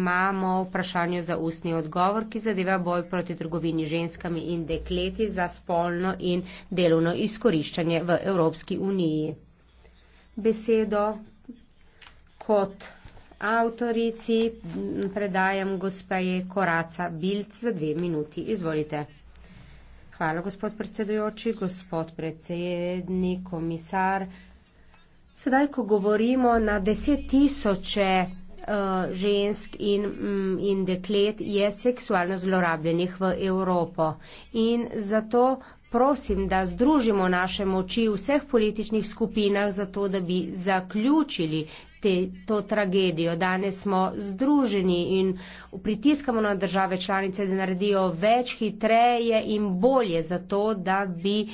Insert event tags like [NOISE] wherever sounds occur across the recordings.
Imamo vprašanje za ustni odgovor, ki zadeva boj proti trgovini ženskami in dekleti za spolno in delovno izkoriščanje v Evropski uniji. Besedo kot avtorici predajam gospeje Koraca Bilc za dve minuti. Izvolite. Hvala, gospod predsedujoči, gospod predsednik, komisar. Sedaj, ko govorimo na deset tisoče uh, žensk in, mm, in deklet je seksualno zlorabljenih v Evropo. In zato prosim, da združimo naše moči v vseh političnih skupinah, zato da bi zaključili te, to tragedijo. Danes smo združeni in pritiskamo na države članice, da naredijo več, hitreje in bolje za to, da bi uh,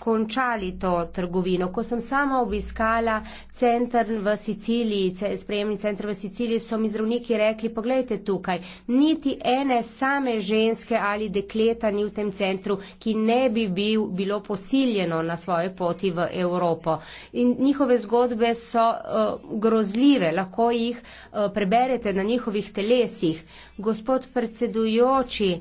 končali to trgovino. Ko sem sama obiskala centr v Siciliji, sprejemni centr v Siciliji, so mi zdravniki rekli, pogledajte tukaj, niti ene same ženske ali dekleta ni v tem centru, ki ne bi bil, bilo posiljeno na svoje poti v Evropo. In njihove zgodbe so uh, grozljive, lahko jih eh, preberete na njihovih telesih. Gospod predsedujoči,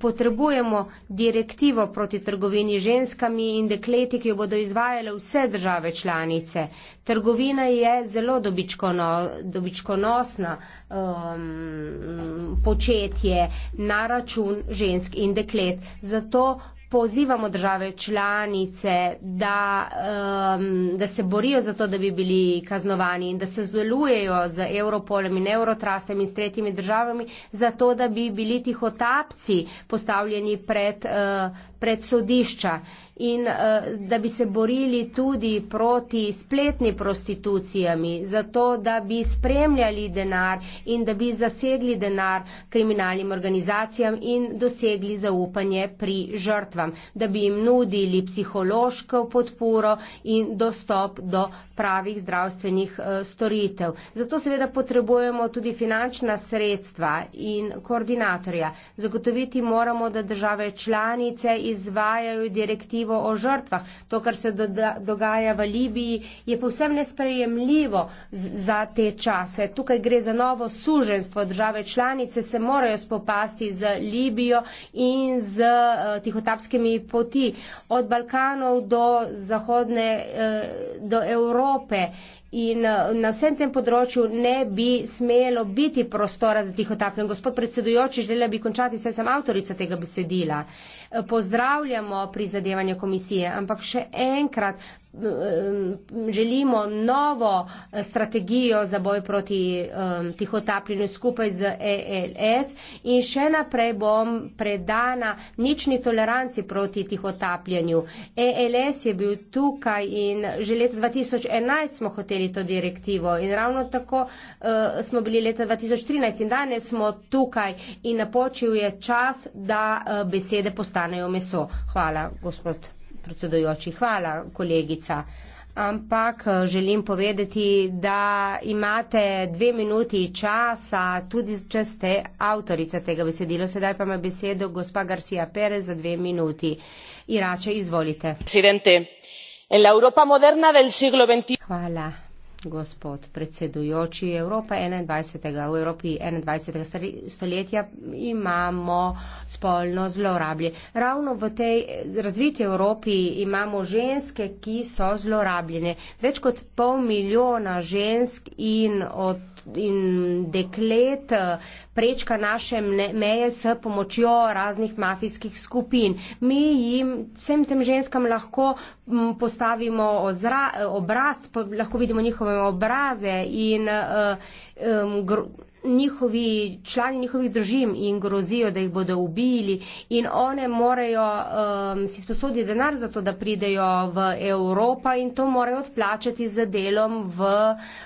potrebujemo direktivo proti trgovini ženskami in dekleti, ki jo bodo izvajale vse države članice. Trgovina je zelo dobičkono, dobičkonosna um, početje na račun žensk in deklet. Zato pozivamo države članice, da, um, da se borijo za to, da bi bili kaznovani in da se zdelujejo z Europolem in Eurotrastem in s tretjimi državami, za to, da bi bili tih otapci postavljeni pred, uh, pred sodišča in uh, da bi se borili tudi proti spletni prostitucijami, zato da bi spremljali denar in da bi zasegli denar kriminalnim organizacijam in dosegli zaupanje pri žrtvam, da bi jim nudili psihološko podporo in dostop do pravih zdravstvenih uh, storitev. Zato seveda potrebujemo tudi finančna sredstva in koordinatorja. Zagotoviti moramo, da države članice iz izvajajo direktivo o žrtvah. To, kar se dogaja v Libiji, je povsem nesprejemljivo za te čase. Tukaj gre za novo suženstvo. Države članice se morajo spopasti z Libijo in z eh, tihotapskimi poti od Balkanov do zahodne, eh, do Evrope in eh, na vsem tem področju ne bi smelo biti prostora za tiho tapljanje. Gospod predsedujoči, želela bi končati, saj sem avtorica tega besedila. Eh, pozdravljamo prizadevanje komisije, ampak še enkrat želimo novo strategijo za boj proti um, tihotapljenju skupaj z ELS in še naprej bom predana nični toleranci proti tihotapljenju. ELS je bil tukaj in že leta 2011 smo hoteli to direktivo in ravno tako uh, smo bili leta 2013 in danes smo tukaj in napočil je čas, da uh, besede postanejo meso. Hvala, gospod predsedojoči. Hvala, kolegica. Ampak eh, želim povedati, da imate dve minuti časa, tudi če ste avtorica tega besedila. Sedaj pa ima besedo gospa Garcia Perez za dve minuti. Irače, izvolite. Hvala. Gospod predsedujoči Evrope 21. v Evropi 21. stoletja imamo spolno zlorablje. Ravno v tej razviti Evropi imamo ženske, ki so zlorabljene. Več kot pol milijona žensk in od in deklet eh, prečka naše meje s pomočjo raznih mafijskih skupin. Mi jim, vsem tem ženskam lahko mm, postavimo ozra, eh, obraz, lahko vidimo njihove obraze in um, eh, mm, gr- njihovi člani njihovih družin in grozijo, da jih bodo ubili in one morajo um, si sposoditi denar za to, da pridejo v Evropa in to morajo odplačati za delom v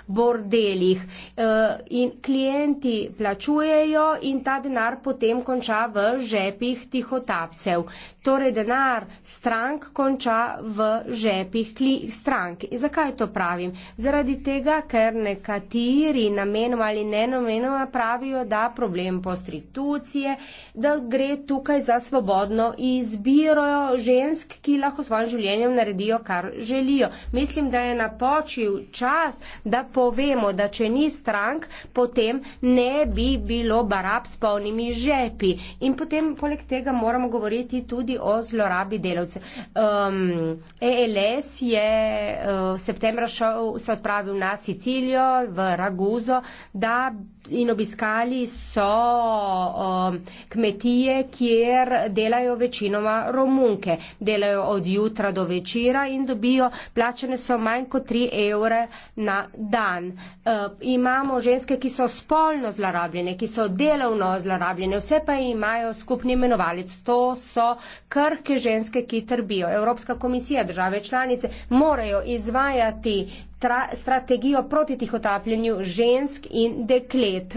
bordelih. Uh, in klijenti plačujejo in ta denar potem konča v žepih tihotapcev. Torej denar strank konča v žepih kli strank. Zakaj to pravim? Zaradi tega, ker nekateri namenom ali nenamenom Oziroma pravijo, da problem prostitucije, da gre tukaj za svobodno izbiro žensk, ki lahko svojim življenjem naredijo, kar želijo. Mislim, da je napočil čas, da povemo, da če ni strank, potem ne bi bilo barab s polnimi žepi. In potem poleg tega moramo govoriti tudi o zlorabi delavcev. Um, ELS je uh, septembra šel, se odpravil na Sicilijo, v Raguzo, da in obiskali so um, kmetije, kjer delajo večinoma romunke. Delajo od jutra do večera in dobijo, plačene so manj kot 3 evre na dan. Uh, imamo ženske, ki so spolno zlorabljene, ki so delovno zlorabljene, vse pa imajo skupni imenovalec. To so krhke ženske, ki trbijo. Evropska komisija, države članice morajo izvajati strategijo proti tihotapljenju žensk in deklet.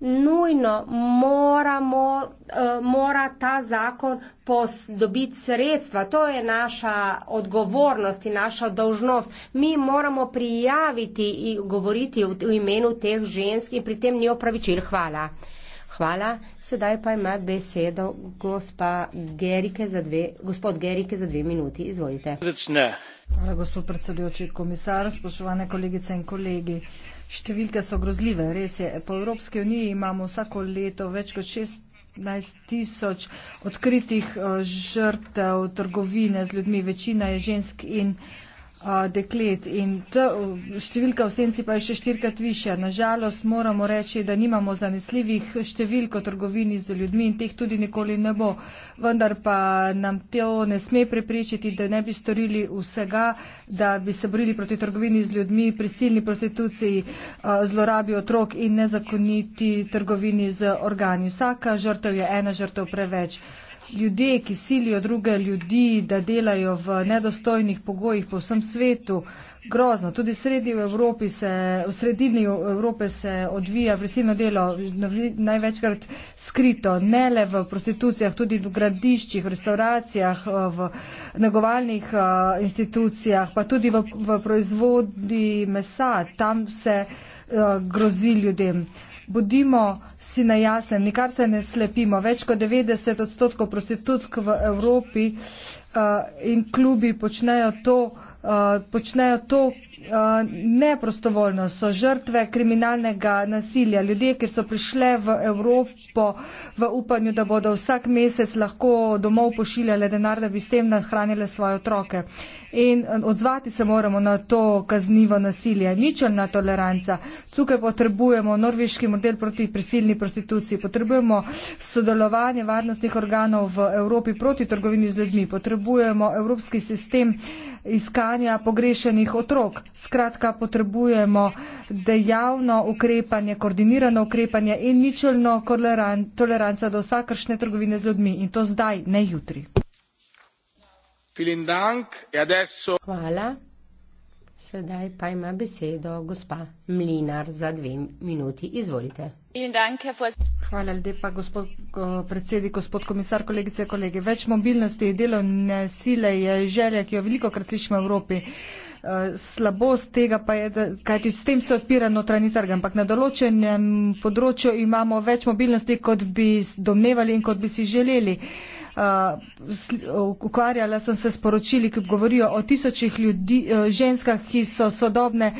Nujno moramo, eh, mora ta zakon dobiti sredstva. To je naša odgovornost in naša dožnost. Mi moramo prijaviti in govoriti v imenu teh žensk in pri tem ni opravičil. Hvala. Hvala. Sedaj pa ima besedo gospa Gerike za dve, gospod Gerike za dve minuti. Izvolite. Hvala, gospod predsedujoči komisar. Spoštovane kolegice in kolegi. Številke so grozljive, res je. Po Evropski uniji imamo vsako leto več kot 16 tisoč odkritih eh, žrtev trgovine z ljudmi. Večina je žensk in uh, deklet in to, številka v senci pa je še štirikrat višja. Nažalost moramo reči, da nimamo zanesljivih številk o trgovini z ljudmi in teh tudi nikoli ne bo. Vendar pa nam to ne sme prepričati, da ne bi storili vsega, da bi se borili proti trgovini z ljudmi, prisilni prostituciji, zlorabi otrok in nezakoniti trgovini z organi. Vsaka žrtev je ena žrtev preveč ljudje, ki silijo druge ljudi, da delajo v nedostojnih pogojih po vsem svetu, grozno. Tudi v, Evropi se, v sredini Evrope se odvija prisilno delo, največkrat skrito, ne le v prostitucijah, tudi v gradiščih, restauracijah, v negovalnih eh, institucijah, pa tudi v, v proizvodi mesa. Tam se eh, grozi ljudem bodimo si na jasnem, nikar se ne slepimo. Več kot 90 odstotkov prostitutk v Evropi uh, in klubi počnejo to, uh, počnejo to uh, neprostovoljno. So žrtve kriminalnega nasilja. Ljudje, ki so prišle v Evropo v upanju, da bodo vsak mesec lahko domov pošiljale denar, da bi s tem nahranile svoje otroke. Uh, in odzvati se moramo na to kaznivo nasilje. Ničelna toleranca. Tukaj potrebujemo norveški model proti prisilni prostituciji, potrebujemo sodelovanje varnostnih organov v Evropi proti trgovini z ljudmi, potrebujemo evropski sistem iskanja pogrešenih otrok. Skratka, potrebujemo dejavno ukrepanje, koordinirano ukrepanje in ničelno toleranco do vsakršne trgovine z ljudmi in to zdaj, ne jutri. E Hvala. Sedaj pa ima besedo gospa Mlinar za dve minuti. Izvolite. Hvala lepa, gospod predsednik, gospod komisar, kolegice in kolege. Več mobilnosti in delovne sile je želja, ki jo veliko krat slišimo v Evropi. Eh, slabost tega pa je, da, kajti s tem se odpira notranji trg, ampak na določenem področju imamo več mobilnosti, kot bi domnevali in kot bi si želeli. Eh, ukvarjala sem se s poročili, ki govorijo o tisočih ljudi, eh, ženskah, ki so sodobne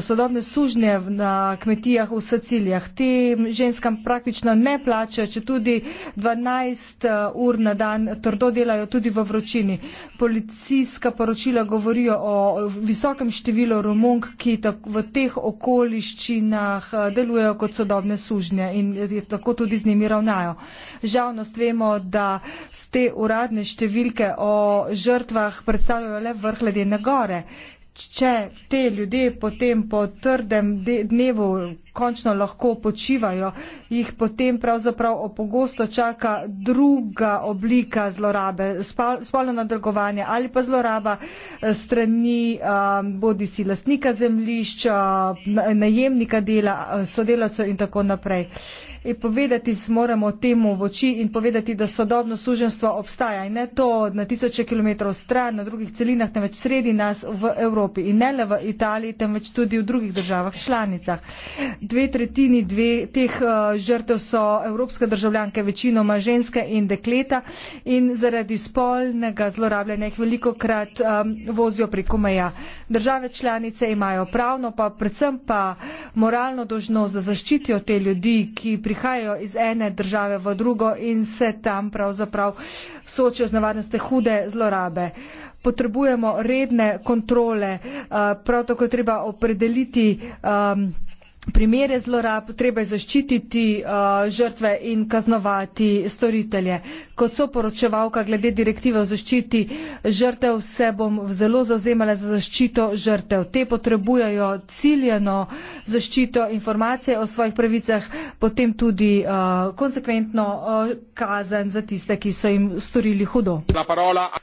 sodobne sužnje na kmetijah v Siciljah. Ti ženskam praktično ne plačajo, če tudi 12 eh, ur na dan trdo delajo tudi v vročini. Policijska poročila govorijo o visokem številu Romunk, ki v teh okoliščinah eh, delujejo kot sodobne sužnje in tako tudi z njimi ravnajo. Žalnost vemo, da te uradne številke o žrtvah predstavljajo le vrh ledene gore če te ljudje potem po trdem dnevu končno lahko počivajo, jih potem pravzaprav opogosto čaka druga oblika zlorabe, spol, spolno nadrgovanje ali pa zloraba eh, strani eh, bodi si lastnika zemljišča, eh, najemnika dela, sodelavcev in tako naprej. In e, povedati moramo temu v oči in povedati, da sodobno suženstvo obstaja in ne to na tisoče kilometrov stran, na drugih celinah, temveč sredi nas v Evropi in ne le v Italiji, temveč tudi v drugih državah članicah dve tretjini dve, teh eh, žrtev so evropske državljanke, večinoma ženske in dekleta in zaradi spolnega zlorabljanja jih veliko krat um, vozijo preko meja. Države članice imajo pravno, pa predvsem pa moralno dožnost, da zaščitijo te ljudi, ki prihajajo iz ene države v drugo in se tam pravzaprav soočajo z nevarnosti hude zlorabe. Potrebujemo redne kontrole, eh, prav tako je treba opredeliti um, primere zlorab, treba je zaščititi uh, žrtve in kaznovati storitelje. Kot so poročevalka glede direktive o zaščiti žrtev, se bom zelo zauzemala za zaščito žrtev. Te potrebujajo ciljeno zaščito informacije o svojih pravicah, potem tudi uh, konsekventno uh, kazen za tiste, ki so jim storili hudo.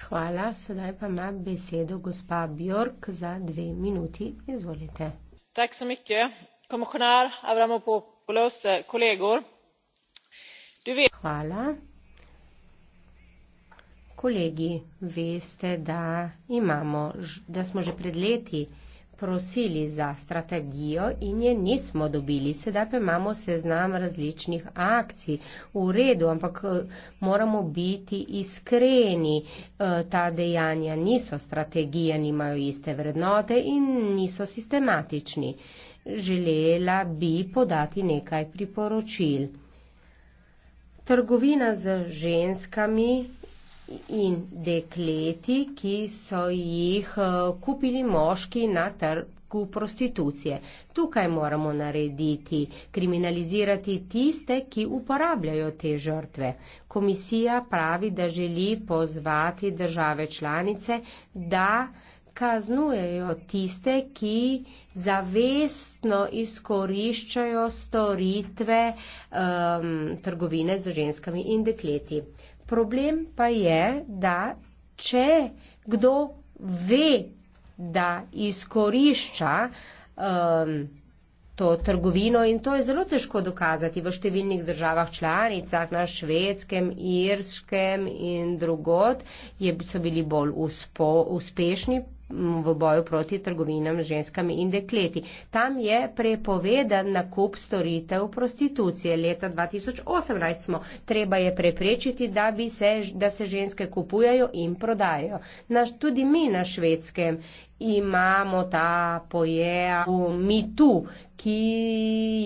Hvala, sedaj pa ima besedo gospa Bjork za dve minuti. Izvolite. Tak, komisar avramopoulos eh, kolegu kolegi veste da imamo da smo že pred leti prosili za strategijo in je nismo dobili. Sedaj pa imamo seznam različnih akcij. V redu, ampak eh, moramo biti iskreni. Eh, ta dejanja niso strategija, nimajo iste vrednote in niso sistematični. Želela bi podati nekaj priporočil. Trgovina z ženskami in dekleti, ki so jih eh, kupili moški na trgu prostitucije. Tukaj moramo narediti, kriminalizirati tiste, ki uporabljajo te žrtve. Komisija pravi, da želi pozvati države članice, da kaznujejo tiste, ki zavestno izkoriščajo storitve um, trgovine z ženskami in dekleti. Problem pa je, da če kdo ve, da izkorišča um, to trgovino in to je zelo težko dokazati v številnih državah članicah, na švedskem, irskem in drugot, je, so bili bolj uspo, uspešni v boju proti trgovinam z ženskami in dekleti. Tam je prepovedan nakup storitev prostitucije. Leta 2018 smo treba je preprečiti, da, se, da se ženske kupujajo in prodajajo. Naš, tudi mi na švedskem imamo ta pojeja v mitu, ki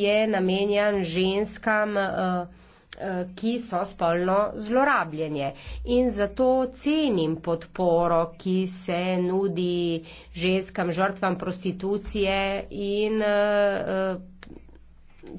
je namenjan ženskam. Uh, Eh, ki so spolno zlorabljenje. In zato cenim podporo, ki se nudi ženskam žrtvam prostitucije in uh,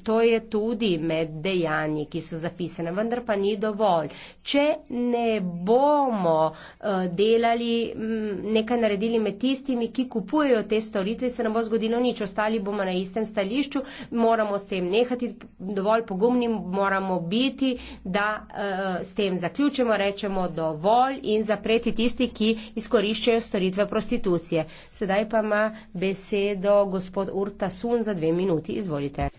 to je tudi med dejanji, ki so zapisane, vendar pa ni dovolj. Če ne bomo eh, delali, mm, nekaj naredili med tistimi, ki kupujejo te storitve, se ne bo zgodilo nič. Ostali bomo na istem stališču, moramo s tem nehati, dovolj pogumni moramo biti, da eh, s tem zaključimo, rečemo dovolj in zapreti tisti, ki izkoriščajo storitve prostitucije. Sedaj pa ima besedo gospod Urta Sun za dve minuti. Izvolite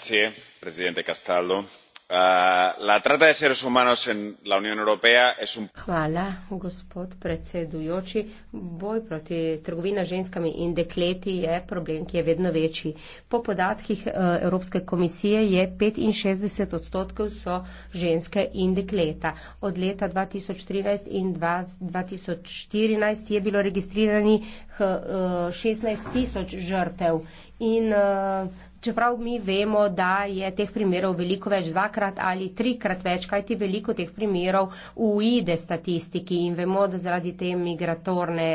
señor presidente castaldo uh, la trata de seres humanos en la unión europea es un. hvala gospod predsedujoči boj proti trgovini ženskami in dekleti je problem ki je vedno večji po podatkih uh, evropske komisije je petinšestdeset odstotkov so ženske in dekleta od leta dva tisoč trinajst in dva tisoč štirinajst je bilo registriranih uh, šestnajst tisoč žrtev in uh, Čeprav mi vemo, da je teh primerov veliko več, dvakrat ali trikrat več, kajti veliko teh primerov uide statistiki in vemo, da zaradi te migratorne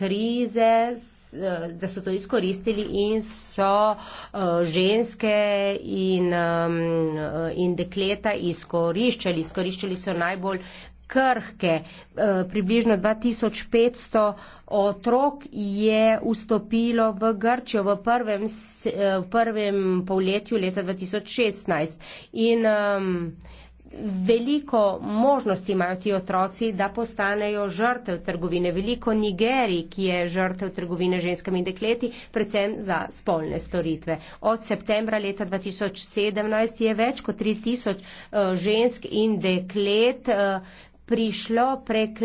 krize, da so to izkoristili in so eh, ženske in, eh, in dekleta izkoriščali. Izkoriščali so najbolj krhke, eh, približno 2500 otrok je vstopilo v Grčijo v prvem, eh, v prvem polletju leta 2016. In, um, Veliko možnosti imajo ti otroci, da postanejo žrtev trgovine. Veliko Nigeriji, ki je žrtev trgovine ženskami in dekleti, predvsem za spolne storitve. Od septembra leta 2017 je več kot 3000 uh, eh, žensk in deklet. Uh, prišlo prek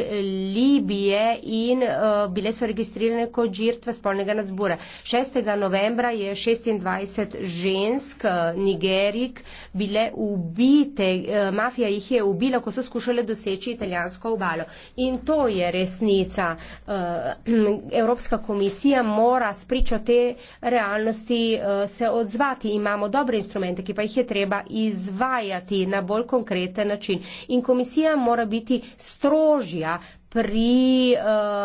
Libije in uh, bile so registrirane kot žrtve spolnega nadzora. 6. novembra je 26 žensk, eh, nigerik, bile ubite, uh, mafija jih je ubila, ko so skušale doseči italijansko obalo. In to je resnica. Uh, Evropska komisija mora spričo te realnosti uh, se odzvati. Imamo dobre instrumente, ki pa jih je treba izvajati na bolj konkreten način. In komisija mora biti biti strožja pri,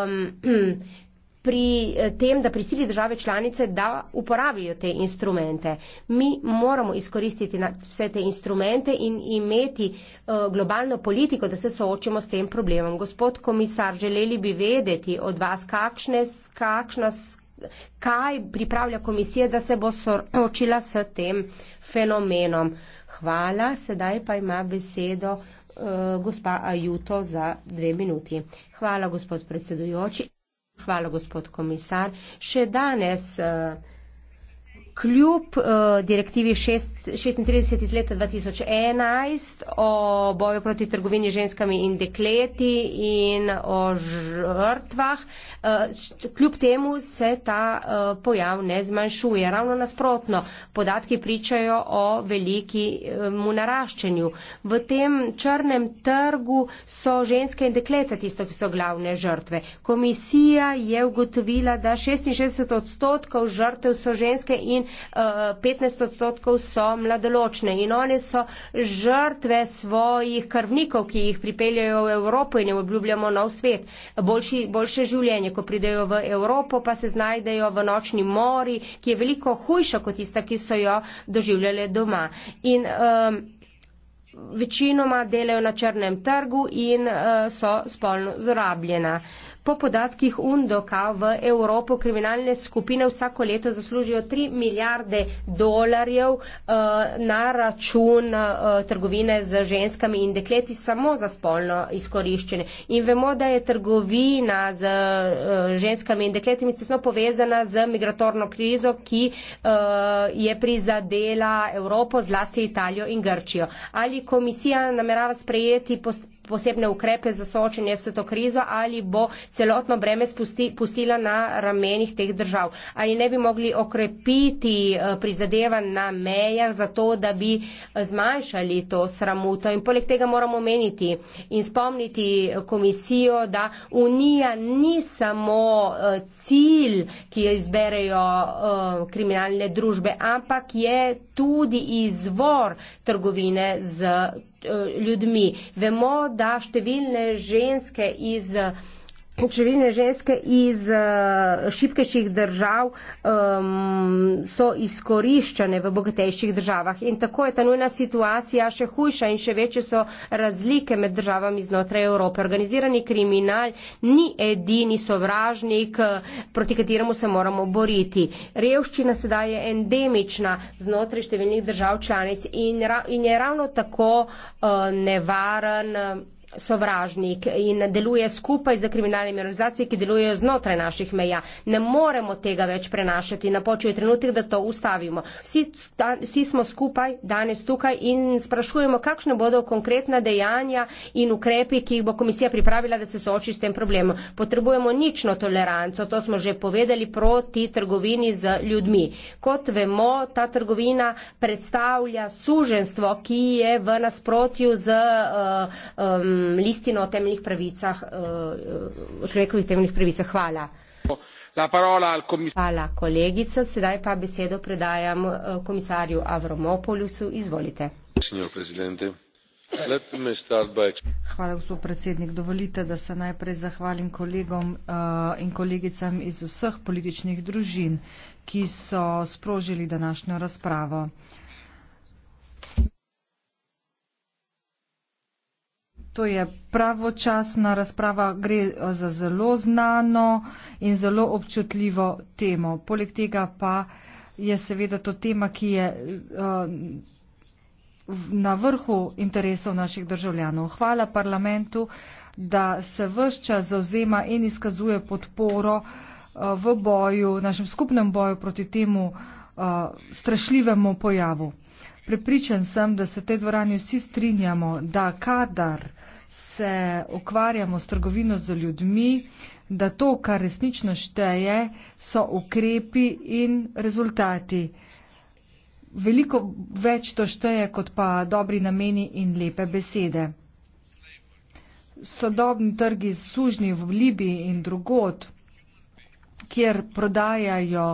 um, [CLEARS THROAT] pri eh, tem, da prisili države članice, da uporabijo te instrumente. Mi moramo izkoristiti vse te instrumente in imeti uh, globalno politiko, da se soočimo s tem problemom. Gospod komisar, želeli bi vedeti od vas, kakšne, kakšna kaj pripravlja komisija, da se bo soočila s tem fenomenom. Hvala, sedaj pa ima besedo Eh, gospa Ajuto za dve minuti. Hvala, gospod predsedujoči. Hvala, gospod komisar. Še danes uh, kljub uh, direktivi 36 iz leta 2011 o boju proti trgovini ženskami in dekleti in o žrtvah, uh, kljub temu se ta uh, pojav ne zmanjšuje. Ravno nasprotno, podatki pričajo o velikemu uh, naraščanju. V tem črnem trgu so ženske in dekleta tisto, ki so glavne žrtve. Komisija je ugotovila, da 66 odstotkov žrtev so ženske in 15 odstotkov so mladoločne in one so žrtve svojih krvnikov, ki jih pripeljajo v Evropo in jim obljubljamo nov svet. Boljši, boljše življenje, ko pridejo v Evropo, pa se znajdejo v nočni mori, ki je veliko hujša kot tista, ki so jo doživljale doma. In, um, večinoma delajo na črnem trgu in uh, so spolno zrabljena. Po podatkih UNDOKA v Evropo kriminalne skupine vsako leto zaslužijo 3 milijarde dolarjev uh, na račun uh, trgovine z ženskami in dekleti samo za spolno izkoriščene. In vemo, da je trgovina z uh, ženskami in dekleti tesno povezana z migratorno krizo, ki uh, je prizadela Evropo, zlasti Italijo in Grčijo. Ali komisija namerava sprejeti posebne ukrepe za soočenje s to krizo ali bo celotno breme spusti, pustila na ramenih teh držav. Ali ne bi mogli okrepiti eh, prizadevanj na mejah za to, da bi eh, zmanjšali to sramuto. In poleg tega moramo omeniti in spomniti eh, komisijo, da Unija ni samo cilj, ki jo izberejo kriminalne družbe, ampak je tudi izvor trgovine z eh, ljudmi. Vemo, da številne ženske iz Okay. Številne ženske iz uh, eh, šipkejših držav um, so izkoriščene v bogatejših državah in tako je ta nujna situacija še hujša in še večje so razlike med državami znotraj Evrope. Organizirani kriminal ni edini sovražnik, eh, proti kateremu se moramo boriti. Revščina sedaj je endemična znotraj številnih držav članic in, ra in je ravno tako uh, nevaren. Uh, sovražnik in deluje skupaj z kriminalnimi organizacijami, ki delujejo znotraj naših meja. Ne moremo tega več prenašati. Napočil je trenutek, da to ustavimo. Vsi, da, vsi smo skupaj danes tukaj in sprašujemo, kakšne bodo konkretna dejanja in ukrepi, ki jih bo komisija pripravila, da se sooči s tem problemom. Potrebujemo nično toleranco, to smo že povedali, proti trgovini z ljudmi. Kot vemo, ta trgovina predstavlja suženstvo, ki je v nasprotju z uh, um, listino o temeljnih pravicah, eh, o človekovih temeljnih pravicah. Hvala. Hvala kolegica, sedaj pa besedo predajam eh, komisarju Avromopolusu. Izvolite. Hvala, gospod predsednik. Dovolite, da se najprej zahvalim kolegom eh, in kolegicam iz vseh političnih družin, ki so sprožili današnjo razpravo. to je pravočasna razprava, gre eh, za zelo znano in zelo občutljivo temo. Poleg tega pa je seveda to tema, ki je eh, na vrhu interesov naših državljanov. Hvala parlamentu, da se vršča zauzema in izkazuje podporo eh, v boju, našem skupnem boju proti temu strašljivemu pojavu. Prepričan sem, da se te dvorani vsi strinjamo, da kadar se ukvarjamo s trgovino z ljudmi, da to, kar resnično šteje, so ukrepi in rezultati. Veliko več to šteje, kot pa dobri nameni in lepe besede. Sodobni trgi z sužnji v Libiji in drugot, kjer prodajajo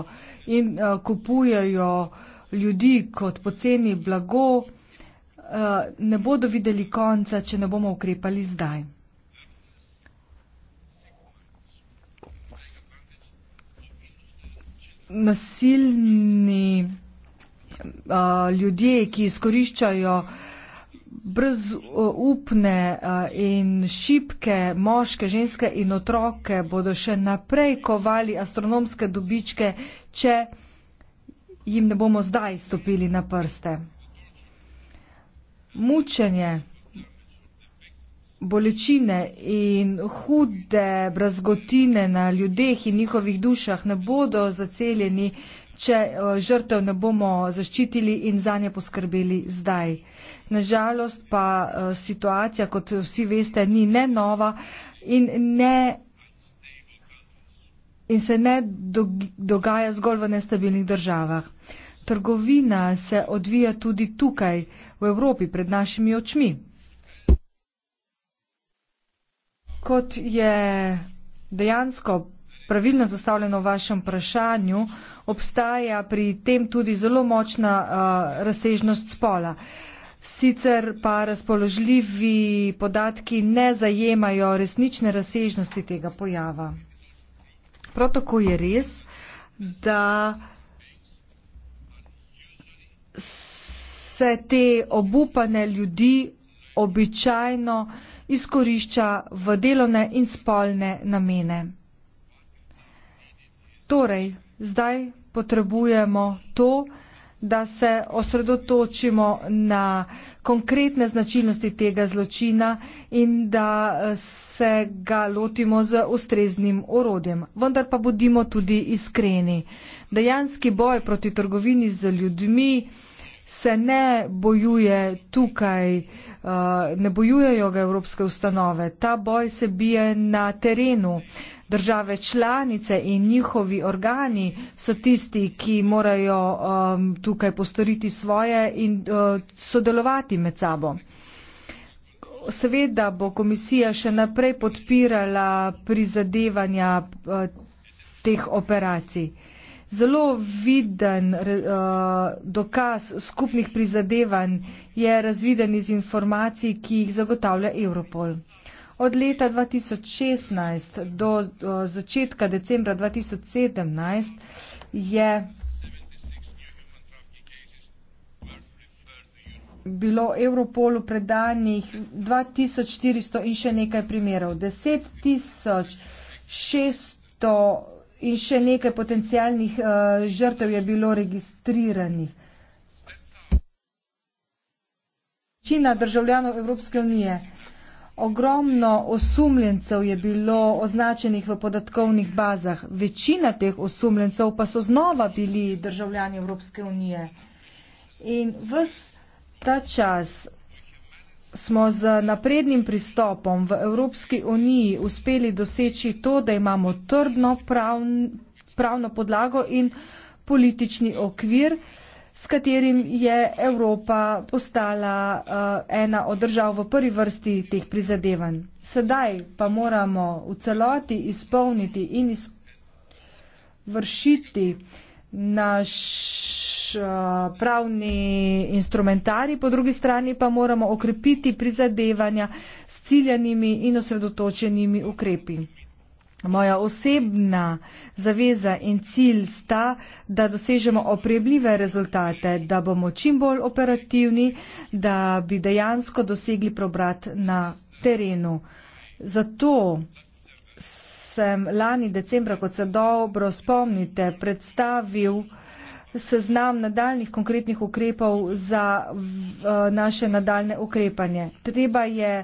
in uh, eh, kupujajo ljudi kot poceni blago, Eh, ne bodo videli konca, če ne bomo ukrepali zdaj. Nasilni uh, ljudje, ki izkoriščajo brezupne uh, in šipke moške, ženske in otroke, bodo še naprej kovali astronomske dobičke, če jim ne bomo zdaj stopili na prste mučenje, bolečine in hude brazgotine na ljudeh in njihovih dušah ne bodo zaceljeni, če eh, žrtev ne bomo zaščitili in za nje poskrbeli zdaj. Nažalost pa eh, situacija, kot vsi veste, ni ne nova in ne. In se ne dogaja zgolj v nestabilnih državah trgovina se odvija tudi tukaj, v Evropi, pred našimi očmi. Kot je dejansko pravilno zastavljeno v vašem vprašanju, obstaja pri tem tudi zelo močna uh, razsežnost spola. Sicer pa razpoložljivi podatki ne zajemajo resnične razsežnosti tega pojava. Prav tako je res, da se te obupane ljudi običajno izkorišča v delovne in spolne namene. Torej, zdaj potrebujemo to, da se te obupane ljudi običajno izkorišča v delovne in spolne namene da se osredotočimo na konkretne značilnosti tega zločina in da eh, se ga lotimo z ustreznim orodjem. Vendar pa bodimo tudi iskreni. Dejanski boj proti trgovini z ljudmi se ne bojuje tukaj, eh, ne bojujejo ga evropske ustanove. Ta boj se bije na terenu države članice in njihovi organi so tisti, ki morajo um, tukaj postoriti svoje in uh, sodelovati med sabo. Seveda bo komisija še naprej podpirala prizadevanja uh, teh operacij. Zelo viden uh, dokaz skupnih prizadevanj je razviden iz informacij, ki jih zagotavlja Europol. Od leta 2016 do začetka decembra 2017 je bilo Europolu predanih 2400 in še nekaj primerov. 10600 in še nekaj potencijalnih eh, žrtev je bilo registriranih. Večina državljanov Evropske unije Ogromno osumljencev je bilo označenih v podatkovnih bazah. Večina teh osumljencev pa so znova bili državljani Evropske unije. In v ta čas smo z naprednim pristopom v Evropski uniji uspeli doseči to, da imamo trdno pravn, pravno podlago in politični okvir, s katerim je Evropa postala uh, ena od držav v prvi vrsti teh prizadevanj. Sedaj pa moramo v celoti izpolniti in izvršiti naš uh, pravni instrumentari, po drugi strani pa moramo okrepiti prizadevanja s ciljanimi in osredotočenimi ukrepi. Moja osebna zaveza in cilj sta, da dosežemo opremljive rezultate, da bomo čim bolj operativni, da bi dejansko dosegli preobrat na terenu. Zato sem lani decembra, kot se dobro spomnite, predstavil seznam nadaljnih konkretnih ukrepov za eh, naše nadaljne ukrepanje. Treba je eh,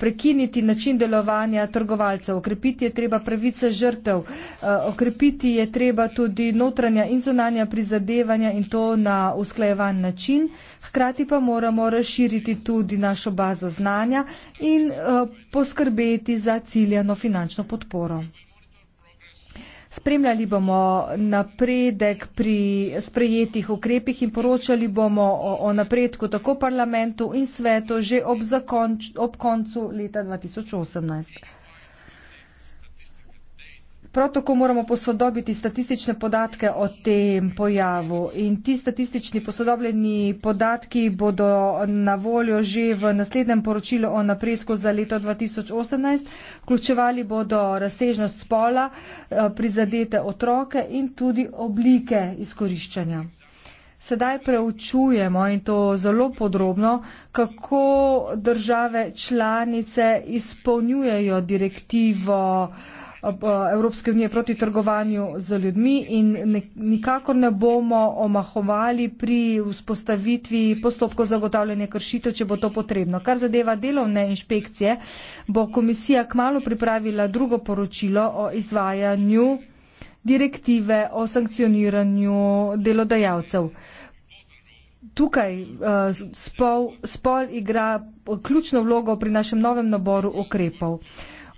prekiniti način delovanja trgovalcev, okrepiti je treba pravice žrtev, eh, okrepiti je treba tudi notranja in zunanja prizadevanja in to na usklajevan način, hkrati pa moramo razširiti tudi našo bazo znanja in poskrbeti za ciljeno finančno podporo. Spremljali bomo napredek pri sprejetih ukrepih in poročali bomo o, o napredku tako parlamentu in svetu že ob, zakonč, ob koncu leta 2018. Prav tako moramo posodobiti statistične podatke o tem pojavu in ti statistični posodobljeni podatki bodo na voljo že v naslednjem poročilu o napredku za leto 2018. Vključevali bodo razsežnost spola, eh, prizadete otroke in tudi oblike izkoriščanja. Sedaj preučujemo in to zelo podrobno, kako države članice izpolnjujejo direktivo uh, Eh, Evropske unije proti trgovanju z ljudmi in nikakor ne bomo omahovali pri vzpostavitvi postopkov zagotavljanja kršitev, če bo to potrebno. Kar zadeva delovne inšpekcije, bo komisija kmalo pripravila drugo poročilo o izvajanju direktive o sankcioniranju delodajalcev. Tukaj eh, spol, spol igra ključno vlogo pri našem novem naboru ukrepov.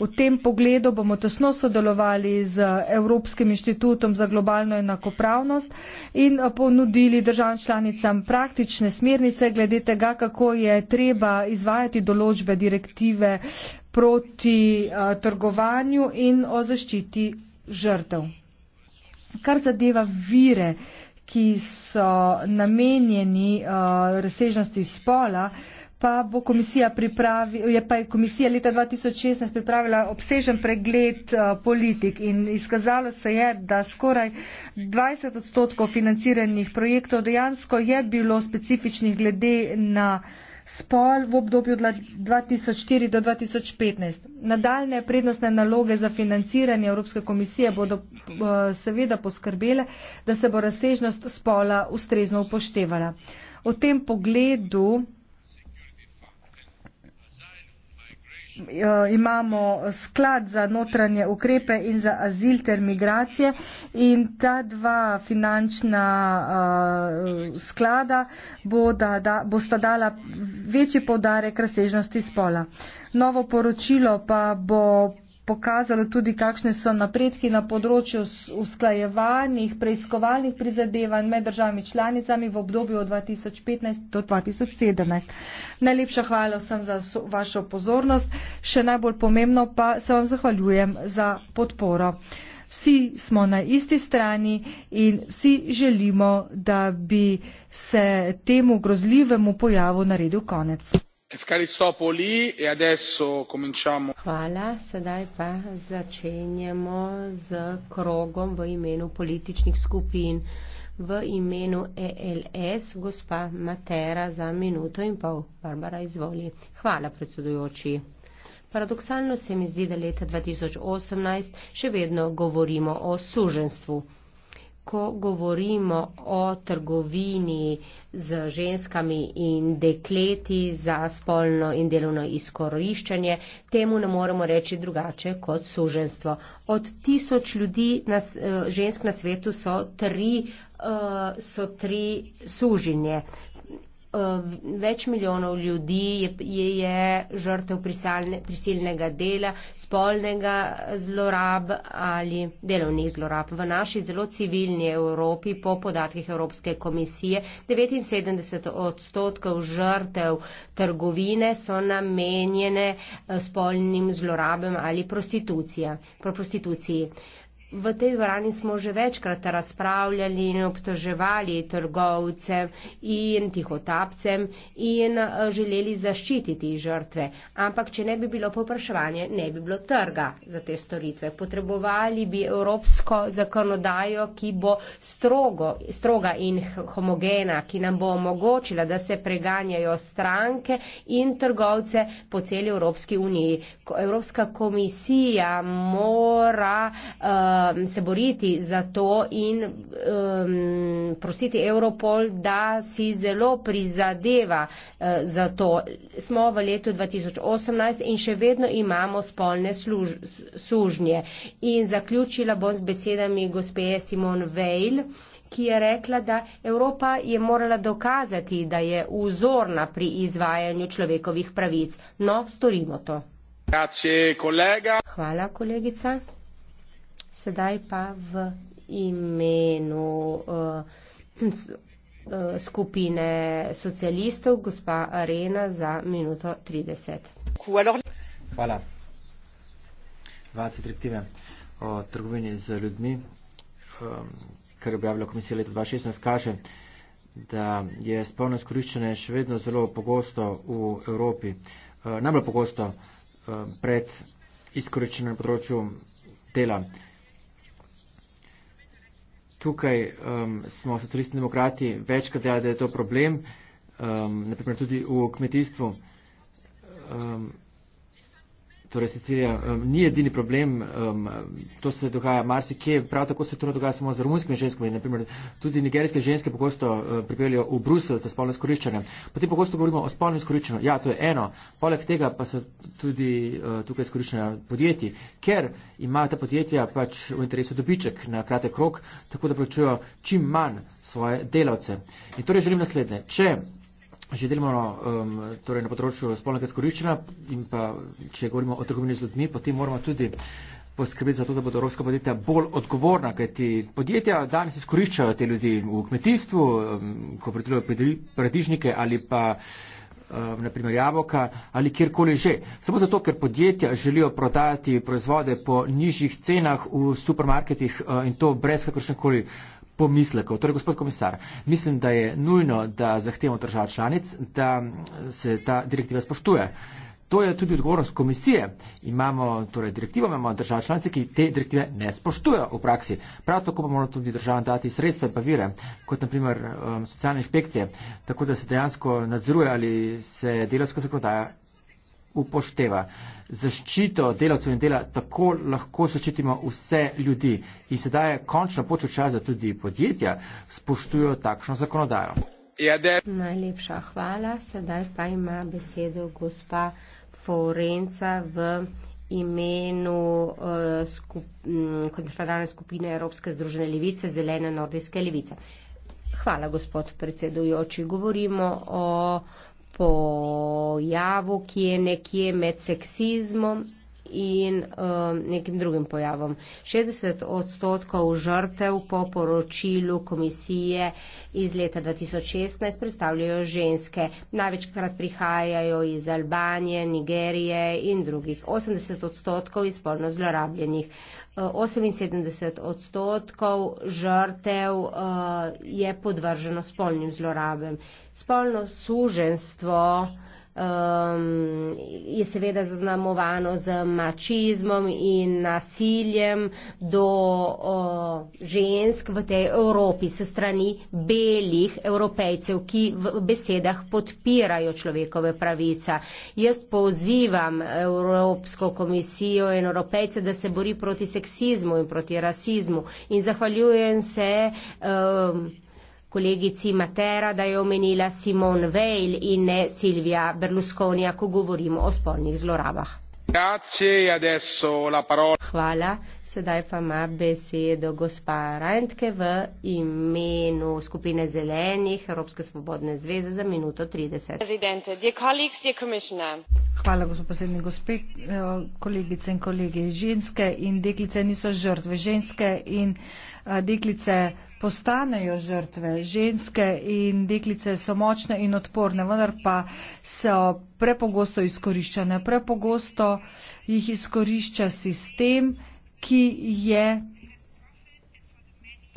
V tem pogledu bomo tesno sodelovali z Evropskim inštitutom za globalno enakopravnost in eh, ponudili državam članicam praktične smernice glede tega, kako je treba izvajati določbe direktive proti uh, trgovanju in o zaščiti žrtev. Kar zadeva vire, ki so namenjeni uh, razsežnosti spola, uh, pa bo komisija pripravi, je pa je komisija leta 2016 pripravila obsežen pregled uh, politik in izkazalo se je, da skoraj 20 odstotkov financiranih projektov dejansko je bilo specifičnih glede na spol v obdobju 2004 do 2015. Nadaljne prednostne naloge za financiranje Evropske komisije bodo uh, seveda poskrbele, da se bo razsežnost spola ustrezno upoštevala. O tem pogledu Eh, imamo sklad za notranje ukrepe in za azil ter migracije in ta dva finančna uh, sklada bosta da, bo dala večji podarek razsežnosti spola. Novo poročilo pa bo pokazalo tudi, kakšne so napredki na področju usklajevanih preiskovalnih prizadevanj med državami članicami v obdobju od 2015 do 2017. Najlepša hvala vsem za vašo pozornost, še najbolj pomembno pa se vam zahvaljujem za podporo. Vsi smo na isti strani in vsi želimo, da bi se temu grozljivemu pojavu naredil konec. E Hvala, sedaj pa začenjamo z krogom v imenu političnih skupin. V imenu ELS, gospa Matera, za minuto in pol. Barbara, izvoli. Hvala, predsedujoči. Paradoksalno se mi zdi, da leta 2018 še vedno govorimo o suženstvu ko govorimo o trgovini z ženskami in dekleti za spolno in delovno izkoriščanje, temu ne moremo reči drugače kot suženstvo. Od tisoč ljudi, na, eh, žensk na svetu so tri, eh, so tri suženje. Ehm, več milijonov ljudi je, je, je žrtev prisalne, prisilnega dela, spolnega zlorab ali delovnih zlorab. V naši zelo civilni Evropi, po podatkih Evropske komisije, 79 odstotkov žrtev trgovine so namenjene eh, spolnim zlorabem ali prostituciji. V tej dvorani smo že večkrat razpravljali in obtoževali trgovcem in tihotapcem in eh, želeli zaščititi žrtve. Ampak, če ne bi bilo popraševanje, ne bi bilo trga za te storitve. Potrebovali bi evropsko zakonodajo, ki bo strogo, stroga in homogena, ki nam bo omogočila, da se preganjajo stranke in trgovce po celi Evropski uniji. Evropska komisija mora uh, um, se boriti za to in um, prositi Europol, da si zelo prizadeva uh, za to. Smo v letu 2018 in še vedno imamo spolne služ, sužnje. In zaključila bom z besedami gospeje Simone Veil ki je rekla, da Evropa je morala dokazati, da je vzorna pri izvajanju človekovih pravic. No, storimo to. Grazie, Hvala, kolegica sedaj pa v imenu uh, skupine socialistov, gospa Arena, za minuto 30. Hvala. Vlada direktive o trgovini z ljudmi, um, kar je objavila komisija leta 2016, kaže, da je spolno izkoriščanje še vedno zelo pogosto v Evropi. Uh, najbolj pogosto uh, pred izkoriščanjem na področju dela tukaj um, smo socialisti demokrati večkrat dejali, da je to problem, um, naprimer tudi v kmetijstvu. Um, Torej, Sicilija um, ni edini problem, um, to se dogaja marsikje, prav tako se to dogaja samo z romunskimi ženskami. Naprimer, tudi nigerijske ženske pogosto uh, pripeljajo v Bruselj za spolno skoriščanje. Potem pogosto govorimo o spolnem skoriščanju. Ja, to je eno. Poleg tega pa so tudi uh, tukaj skoriščanja podjetij, ker imajo ta podjetja pač v interesu dobiček na kratek rok, tako da plačujo čim manj svoje delavce. In torej želim naslednje. Če Če delimo um, torej na področju spolnega skoriščenja in pa če govorimo o trgovini z ljudmi, potem moramo tudi poskrbeti za to, da bodo evropska podjetja bolj odgovorna, kajti podjetja danes izkoriščajo te ljudi v kmetijstvu, um, ko pridelujo paradižnike ali pa um, naprimer jaboka ali kjerkoli že. Samo zato, ker podjetja želijo prodajati proizvode po nižjih cenah v supermarketih uh, in to brez kakršnekoli pomislekov. Torej, gospod komisar, mislim, da je nujno, da zahtevamo držav članic, da se ta direktiva spoštuje. To je tudi odgovornost komisije. Imamo torej, direktivo, imamo države članice, ki te direktive ne spoštujejo v praksi. Prav tako pa moramo tudi državam dati sredstva in pa vire, kot naprimer um, socialne inšpekcije, tako da se dejansko nadzoruje, ali se delovska zakonodaja upošteva. Zaščito delavcev in dela tako lahko zaščitimo vse ljudi in sedaj je končno počel čas, da tudi podjetja spoštujo takšno zakonodajo. Ja, Najlepša hvala. Sedaj pa ima besedo gospa Forenca v imenu uh, skup, um, konfederalne skupine Evropske združene levice, zelene nordijske levice. Hvala, gospod predsedujoči. Govorimo o pojavu, ki je nekje med seksizmom in um, nekim drugim pojavom. 60 odstotkov žrtev po poročilu komisije iz leta 2016 predstavljajo ženske. Največkrat prihajajo iz Albanije, Nigerije in drugih. 80 odstotkov iz spolno zlorabljenih. 78 uh, odstotkov žrtev uh, je podvrženo spolnim zlorabem. Spolno suženstvo uh, um, je seveda zaznamovano z mačizmom in nasiljem do uh, žensk v tej Evropi, se strani belih evropejcev, ki v besedah podpirajo človekove pravice. Jaz pozivam Evropsko komisijo in evropejce, da se bori proti seksizmu in proti rasizmu in zahvaljujem se. Um, kolegici Matera, da je omenila Simone Veil in ne Silvija Berlusconija, ko govorimo o spolnih zlorabah. Hvala. Sedaj pa ima besedo gospa Rajntke v imenu skupine zelenih Evropske svobodne zveze za minuto 30. Dear colleagues, dear Hvala, gospod predsednik, gospe, eh, kolegice in kolegi. Ženske in deklice niso žrtve. Ženske in eh, deklice postanejo žrtve. Ženske in deklice so močne in odporne, vendar pa so prepogosto izkoriščene. Prepogosto jih izkorišča sistem ki je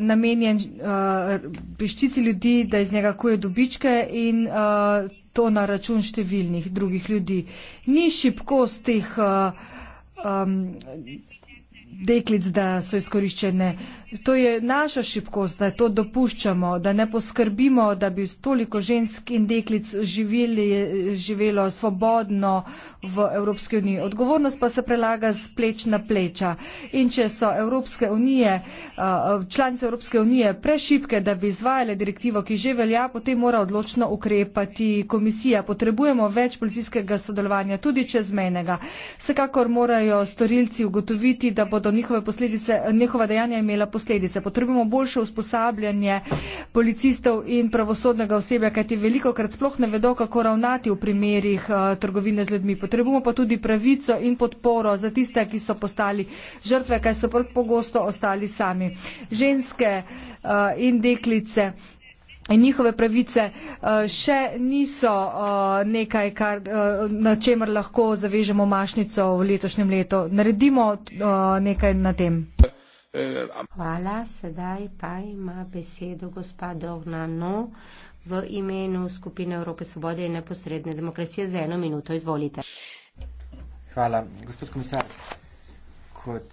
namenjen eh, peščici uh, ljudi, da iz njega kuje dobičke in uh, to na račun številnih drugih ljudi. Ni šibkost teh uh, um, deklic, da so izkoriščene. To je naša šibkost, da to dopuščamo, da ne poskrbimo, da bi toliko žensk in deklic živeli, živelo svobodno v Evropski uniji. Odgovornost pa se prelaga z pleč na pleča. In če so Evropske unije, uh, članice Evropske unije prešipke, da bi izvajale direktivo, ki že velja, potem mora odločno ukrepati komisija. Potrebujemo več policijskega sodelovanja, tudi čezmenega. Vsekakor morajo storilci ugotoviti, da bodo bodo njihove posledice, njihova dejanja imela posledice. Potrebujemo boljše usposabljanje policistov in pravosodnega osebja, kajti veliko krat sploh ne vedo, kako ravnati v primerih uh, trgovine z ljudmi. Potrebujemo pa tudi pravico in podporo za tiste, ki so postali žrtve, kaj so pogosto ostali sami. Ženske uh, in deklice in njihove pravice eh, še niso eh, nekaj, kar, eh, na čemer lahko zavežemo mašnico v letošnjem letu. Naredimo nekaj na tem. Hvala, sedaj pa ima besedo gospa Dovnano v imenu skupine Evrope svobode in neposredne demokracije za eno minuto. Izvolite. Hvala, gospod komisar. Kot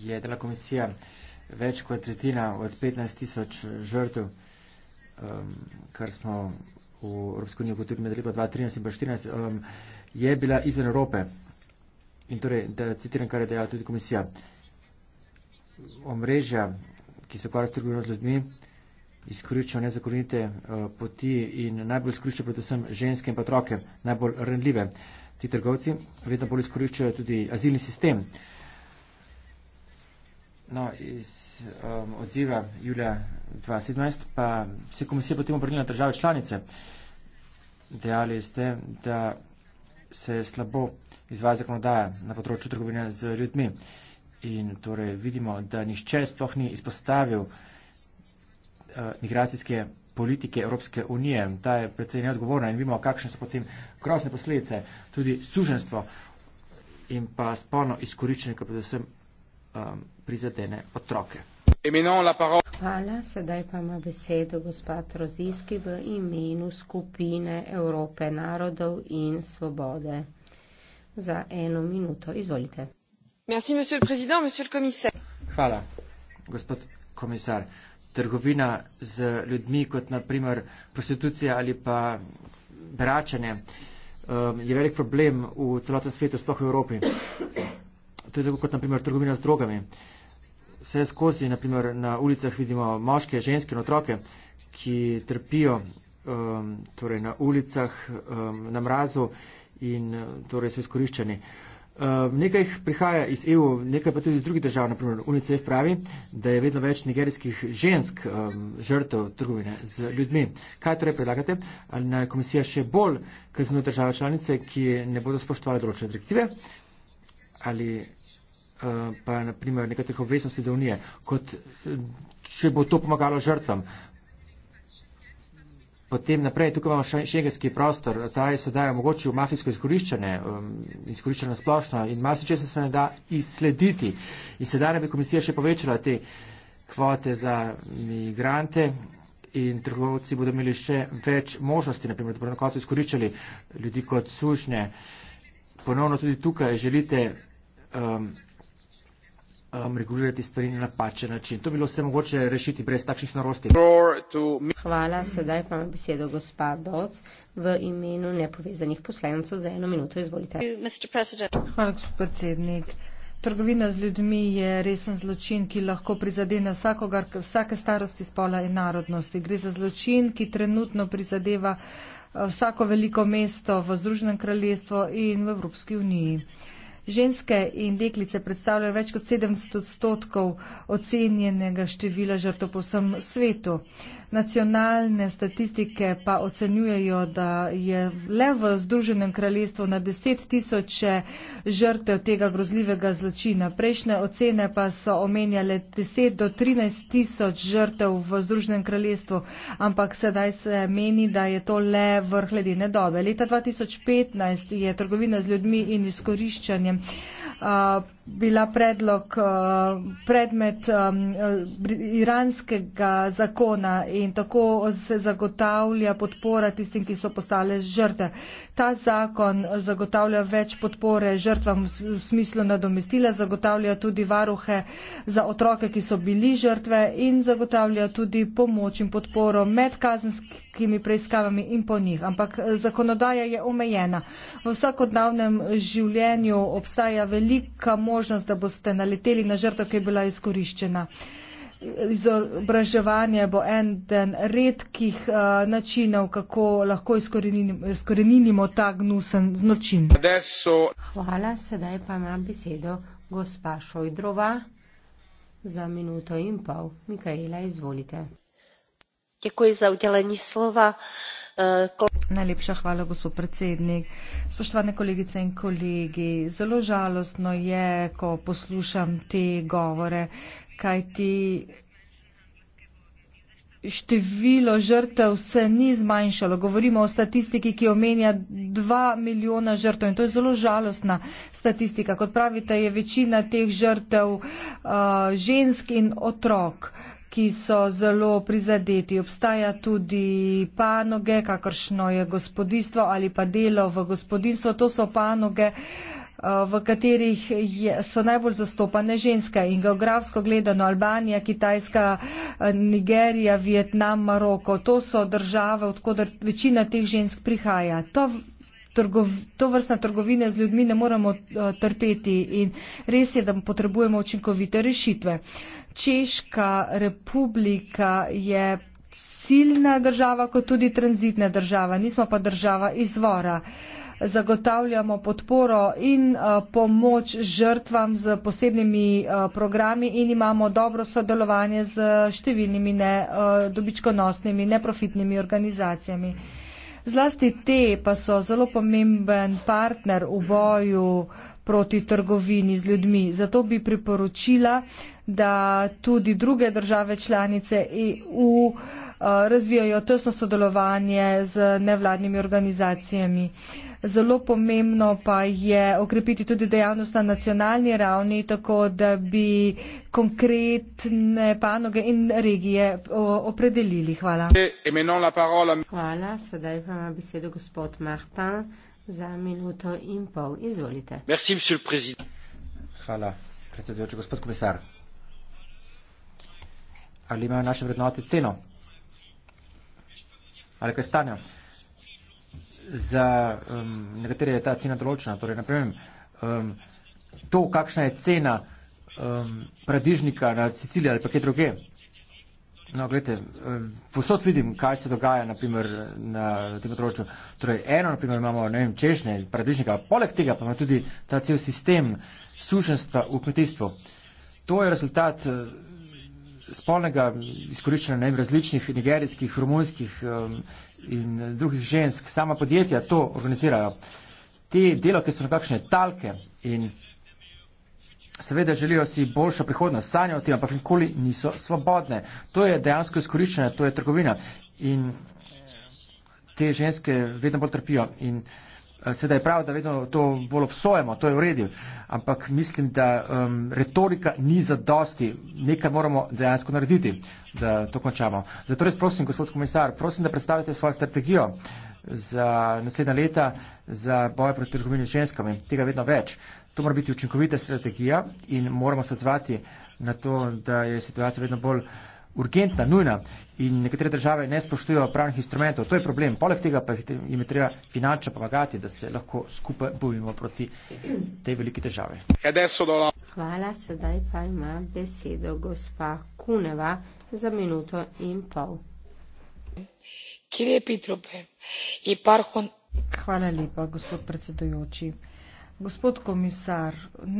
je dala komisija, več kot tretjina od 15 tisoč žrtev um, kar smo v Evropsko unijo potrebili med leta 2013 in 2014, um, je bila izven Evrope. In torej, da citiram, kar je dejala tudi komisija. Omrežja, ki se ukvarja s trgovino z ljudmi, izkoriščajo nezakonite uh, poti in najbolj izkoriščajo predvsem ženske in otroke, najbolj ranljive. Ti trgovci vedno bolj izkoriščajo tudi azilni sistem. Uh, No, iz um, odziva julija 2017 pa se komisija potem obrnila na države članice. Dejali ste, da se slabo izvaja zakonodaja na področju trgovine z ljudmi. In torej vidimo, da nišče sploh ni izpostavil uh, migracijske politike Evropske unije. Ta je predvsej neodgovorna in vidimo, kakšne so potem grozne posledice, tudi suženstvo in pa spolno izkoriščenje, kot predvsem um, prizadene otroke. Hvala, sedaj pa ima besedo gospod Troziski v imenu skupine Evrope narodov in svobode. Za eno minuto, izvolite. Merci, le Hvala, gospod komisar. Trgovina z ljudmi, kot naprimer prostitucija ali pa beračanje, um, je velik problem v celotnem svetu, sploh v Evropi. To je tako kot naprimer trgovina z drogami. Vse skozi, naprimer na ulicah vidimo moške, ženske in otroke, ki trpijo um, torej na ulicah, um, na mrazu in torej so izkoriščeni. Um, nekaj jih prihaja iz EU, nekaj pa tudi iz drugih držav, naprimer UNICEF pravi, da je vedno več nigerijskih žensk um, žrtev trgovine z ljudmi. Kaj torej predlagate? Ali naj komisija še bolj kaznuje države članice, ki ne bodo spoštovali določene direktive? Ali Eh, pa naprimer nekaterih obveznosti do unije, kot eh, če bo to pomagalo žrtvam. Potem naprej, tukaj imamo šengenski prostor, ta je sedaj omogočil mafijsko izkoriščanje, ehm, izkoriščanje splošno in marsiče se ne da izslediti. In sedaj ne bi komisija še povečala te kvote za migrante in trgovci bodo imeli še več možnosti, naprimer, da bodo na koncu izkoriščali ljudi kot sužnje. Ponovno tudi tukaj želite. Um, um, regulirati stvari na napačen način. To bi bilo vse mogoče rešiti brez takšnih narosti. Hvala, sedaj pa ima besedo gospa Doc v imenu nepovezanih poslancev za eno minuto. Izvolite. Hvala, gospod predsednik. Trgovina z ljudmi je resen zločin, ki lahko prizadene vsakogar, vsake starosti, spola in narodnosti. Gre za zločin, ki trenutno prizadeva eh, vsako veliko mesto v Združenem kraljestvu in v Evropski uniji. Ženske in deklice predstavljajo več kot 700 odstotkov ocenjenega števila žrtev po vsem svetu. Nacionalne statistike pa ocenjujejo, da je le v Združenem kraljestvu na deset tisoče žrtev tega grozljivega zločina. Prejšnje ocene pa so omenjale deset do trinajst tisoč žrtev v Združenem kraljestvu, ampak sedaj se meni, da je to le vrh ledene dobe. Leta 2015 je trgovina z ljudmi in izkoriščanjem. Uh, bila predlog eh, predmet eh, iranskega zakona in tako se zagotavlja podpora tistim, ki so postale žrtve. Ta zakon zagotavlja več podpore žrtvam v smislu nadomestila, zagotavlja tudi varuhe za otroke, ki so bili žrtve in zagotavlja tudi pomoč in podporo med kazenskimi preiskavami in po njih. Ampak eh, zakonodaja je omejena. V vsakodnevnem življenju obstaja velika moč, možnost, da boste naleteli na žrtvo, ki je bila izkoriščena. Izobraževanje bo eden redkih uh, načinov, kako lahko izkoreninimo ta gnusen zločin. Hvala, sedaj pa imam besedo gospa Šojdrova za minuto in pol. Mikaela, izvolite. Děkuji za udělení slova. Uh, Najlepša hvala, gospod predsednik. Spoštovane kolegice in kolegi, zelo žalostno je, ko poslušam te govore, kaj ti število žrtev se ni zmanjšalo. Govorimo o statistiki, ki omenja 2 milijona žrtev in to je zelo žalostna statistika. Kot pravite, je večina teh žrtev uh, žensk in otrok. Uh, ki so zelo prizadeti. Obstaja tudi panoge, kakršno je gospodinstvo ali pa delo v gospodinstvu. To so panoge, eh, v katerih je, so najbolj zastopane ženske in geografsko gledano Albanija, Kitajska, eh, Nigerija, Vietnam, Maroko. To so države, odkudar večina teh žensk prihaja. To, trgov, to vrstna trgovine z ljudmi ne moremo eh, trpeti in res je, da potrebujemo učinkovite rešitve. Češka republika je ciljna država kot tudi tranzitna država, nismo pa država izvora. Zagotavljamo podporo in eh, pomoč žrtvam z posebnimi eh, programi in imamo dobro sodelovanje z številnimi ne, eh, dobičkonosnimi neprofitnimi organizacijami. Zlasti te pa so zelo pomemben partner v boju uh, proti trgovini z ljudmi. Zato bi priporočila, da tudi druge države članice EU uh, razvijajo tesno sodelovanje z nevladnimi organizacijami. Zelo pomembno pa je okrepiti tudi dejavnost na nacionalni ravni, tako da bi konkretne panoge in regije opredelili. Hvala. E Hvala, sedaj pa ima besedo gospod Martin. Hvala, predsedujoči, gospod komisar. Ali imajo naše vrednote ceno? Ali kaj stanejo? Za um, nekatere je ta cena določena, torej naprimer, um, to, kakšna je cena um, pradižnika na Siciliji ali pa kje druge, No, gledajte, posod vidim, kaj se dogaja naprimer, na tem področju. Torej, eno, naprimer, imamo vem, češnje, paradižnika, poleg tega pa ima tudi ta cel sistem sušenstva v kmetijstvu. To je rezultat eh, spolnega izkoriščanja vem, različnih nigerijskih, rumunjskih eh, in drugih žensk. Sama podjetja to organizirajo. Te delo, ki so nekakšne talke in Seveda želijo si boljšo prihodnost, sanjajo o tem, ampak nikoli niso svobodne. To je dejansko izkoriščanje, to je trgovina. In eh, te ženske vedno bolj trpijo. In eh, seveda je prav, da vedno to bolj obsojamo, to je v redu. Ampak mislim, da um, retorika ni zadosti. Nekaj moramo dejansko narediti, da to končamo. Zato res prosim, gospod komisar, prosim, da predstavite svojo strategijo za naslednja leta, za boje proti trgovini z ženskami. Tega vedno več. To mora biti učinkovita strategija in moramo se odzvati na to, da je situacija vedno bolj urgentna, nujna in nekatere države ne spoštujejo pravnih instrumentov. To je problem. Poleg tega pa jim je treba finančno pomagati, da se lahko skupaj bojimo proti tej veliki državi. Hvala, sedaj pa ima besedo gospa Kuneva za minuto in pol. Hvala lepa, gospod predsedujoči. Gospod komisar,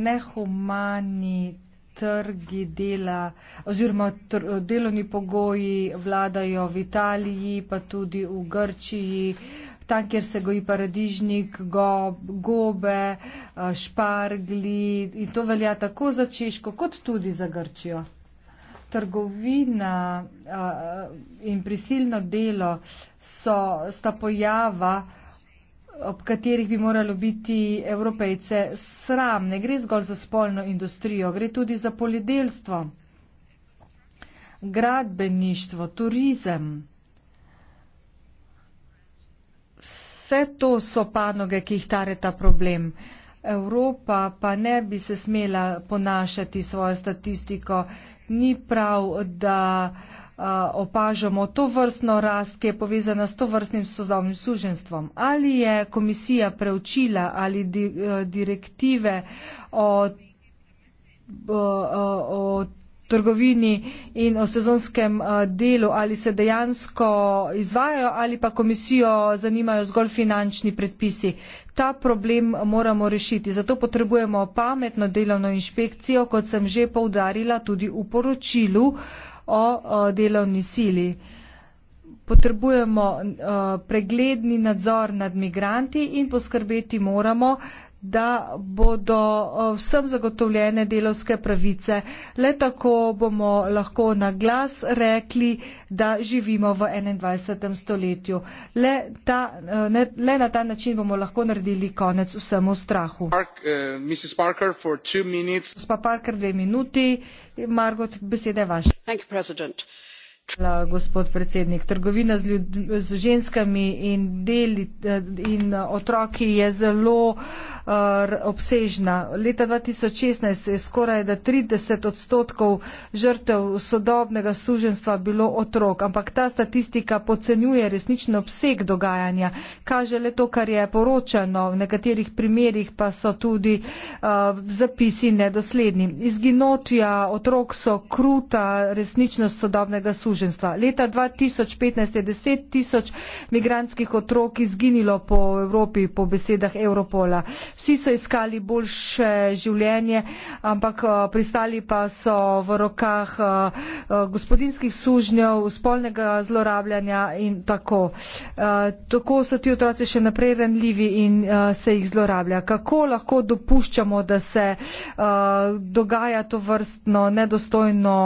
nehumani trgi dela oziroma tr delovni pogoji vladajo v Italiji, pa tudi v Grčiji, tam, kjer se goji paradižnik, go gobe, eh, špargli in to velja tako za Češko kot tudi za Grčijo. Trgovina uh, in prisilno delo so, sta pojava, uh, ob katerih bi moralo biti evropejce sram. Ne gre zgolj za spolno industrijo, gre tudi za poljedelstvo, gradbeništvo, turizem. Vse to so panoge, ki jih tare ta problem. Evropa pa ne bi se smela ponašati svojo statistiko. Ni prav, da. Eh, opažamo to vrstno rast, ki je povezana s to vrstnim sozdobnim suženstvom. Ali je komisija preučila ali di, eh, direktive o, o, o trgovini in o sezonskem eh, delu, ali se dejansko izvajajo ali pa komisijo zanimajo zgolj finančni predpisi. Ta problem moramo rešiti. Zato potrebujemo pametno delovno inšpekcijo, kot sem že poudarila tudi v poročilu uh, o, o delovni sili. Potrebujemo o, eh, pregledni nadzor nad migranti in poskrbeti moramo, da bodo eh, vsem zagotovljene delovske pravice. Le tako bomo lahko na glas rekli, da živimo v 21. stoletju. Le, ta, eh, ne, le na ta način bomo lahko naredili konec vsemu strahu. Park, uh, Parker, dve minuti. Margot, beseda je vaša. Thank you, Hvala, gospod predsednik. Trgovina z, ljud, z ženskami in, deli, eh, in eh, otroki je zelo uh, obsežna. Leta 2016 je skoraj 30 odstotkov žrtev sodobnega suženstva bilo otrok, ampak ta statistika pocenjuje resničen obseg dogajanja. Kaže le to, kar je poročano, v nekaterih primerjih pa so tudi uh, zapisi nedosledni. Izginotja otrok so kruta resničnost sodobnega suženstva suženjstva. Leta 2015 je 10 tisoč migrantskih otrok izginilo po Evropi po besedah Europola. Vsi so iskali boljše življenje, ampak eh, pristali pa so v rokah eh, eh, gospodinskih sužnjev, spolnega zlorabljanja in tako. Tako so ti otroci še naprej ranljivi in se jih zlorablja. Kako lahko dopuščamo, da se dogaja to vrstno nedostojno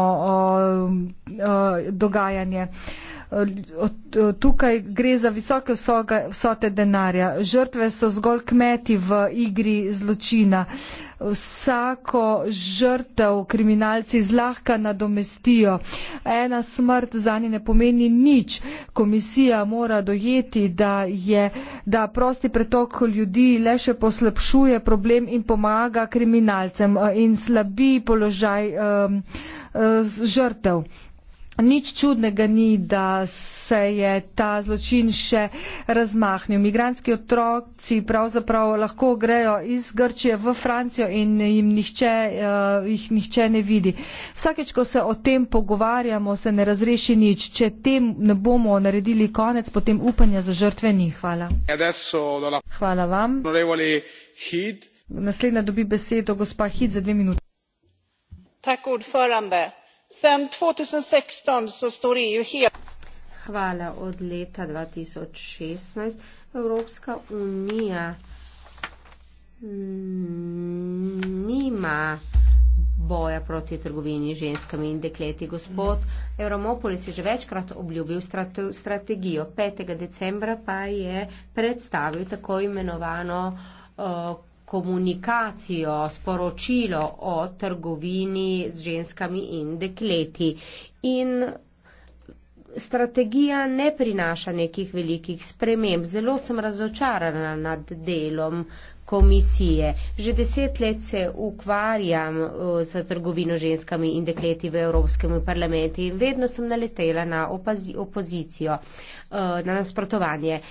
dogajanje. Tukaj gre za visoke vsote denarja. Žrtve so zgolj kmeti v igri zločina. Vsako žrtev kriminalci zlahka nadomestijo. Ena smrt za njih ne pomeni nič. Komisija mora dojeti, da, je, da prosti pretok ljudi le še poslepšuje problem in pomaga kriminalcem eh, in slabi položaj um, žrtev. Nič čudnega ni, da se je ta zločin še razmahnil. Migranski otroci pravzaprav lahko grejo iz Grčije v Francijo in nihče, uh, jih nihče ne vidi. Vsakeč, ko se o tem pogovarjamo, se ne razreši nič. Če tem ne bomo naredili konec, potem upanja za žrtve ni. Hvala. Hvala vam. Naslednja dobi besedo gospa Hit za dve minute. Tako odforambe sedan 2016 står EU helt... Hvala. Od leta dva tisoč šestnajst Evropska unija nima boja proti trgovini z ženskami in dekleti. Gospod Evramopolis je že večkrat obljubil strategijo, petega decembra pa je predstavil tako imenovano, eh, komunikacijo, sporočilo o trgovini z ženskami in dekleti. In strategija ne prinaša nekih velikih sprememb. Zelo sem razočarana nad delom, komisije. Že deset let se ukvarjam uh, s trgovino ženskami in dekleti v Evropskem parlamentu in vedno sem naletela na opozicijo, uh, na nasprotovanje.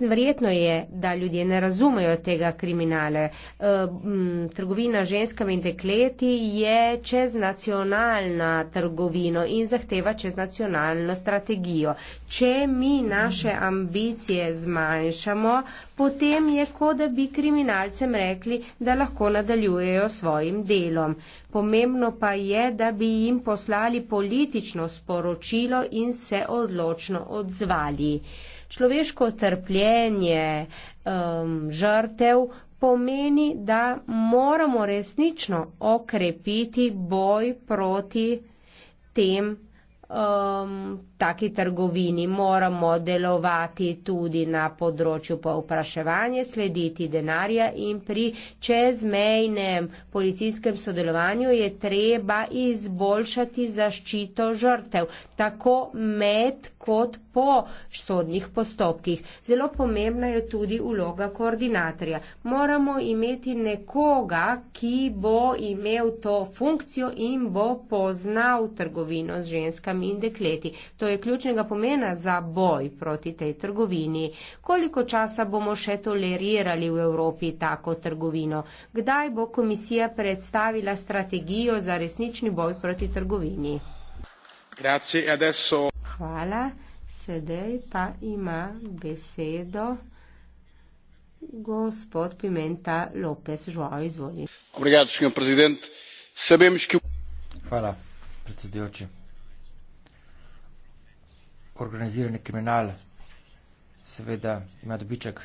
Verjetno je, da ljudje ne razumejo tega kriminale. Uh, trgovina ženskami in dekleti je čeznacionalna trgovina in zahteva čeznacionalno strategijo. Če mi naše ambicije zmanjšamo, potem je, kot da bi kriminalcem rekli, da lahko nadaljujejo svojim delom. Pomembno pa je, da bi jim poslali politično sporočilo in se odločno odzvali. Človeško trpljenje um, žrtev pomeni, da moramo resnično okrepiti boj proti tem um, taki trgovini moramo delovati tudi na področju povpraševanja, slediti denarja in pri čezmejnem policijskem sodelovanju je treba izboljšati zaščito žrtev, tako med kot po sodnih postopkih. Zelo pomembna je tudi uloga koordinatorja. Moramo imeti nekoga, ki bo imel to funkcijo in bo poznal trgovino z ženskami in dekleti. To je ključnega pomena za boj proti tej trgovini. Koliko časa bomo še tolerirali v Evropi tako trgovino? Kdaj bo komisija predstavila strategijo za resnični boj proti trgovini? E Hvala. Sedaj pa ima besedo gospod Pimenta Lopez Žuao. Izvolite. Hvala, predsedujoči organizirani kriminal seveda ima dobiček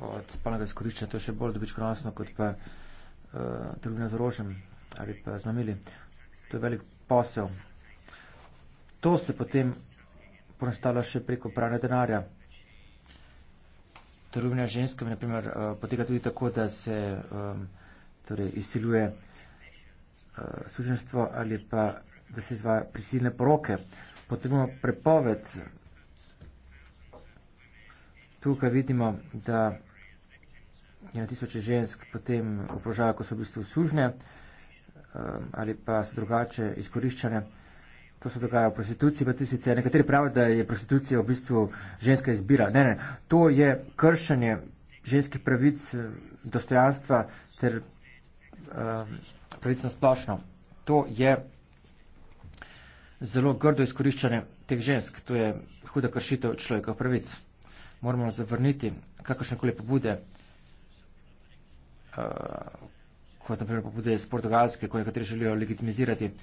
od spolnega izkoriščanja, to je še bolj dobičkonosno, kot pa uh, eh, trgovina z orožjem ali pa z mamili. To je velik posel. To se potem ponastavlja še preko pranja denarja. Trgovina z ženskami, naprimer, uh, eh, poteka tudi tako, da se um, torej izsiljuje uh, služenstvo ali pa da se izvaja prisilne poroke potrebujemo prepoved. Tukaj vidimo, da je na tisoče žensk potem oprožajo, ko so v bistvu sužne um, ali pa so drugače izkoriščene. To se dogaja v prostituciji, pa tudi sicer nekateri pravijo, da je prostitucija v bistvu ženska izbira. Ne, ne, to je kršenje ženskih pravic, dostojanstva ter um, pravic na splošno. To je zelo grdo izkoriščanje teh žensk. To je huda kršitev človekov pravic. Moramo zavrniti kakršnekoli pobude, eh, kot naprimer pobude iz Portugalske, ko nekateri želijo legitimizirati ehm,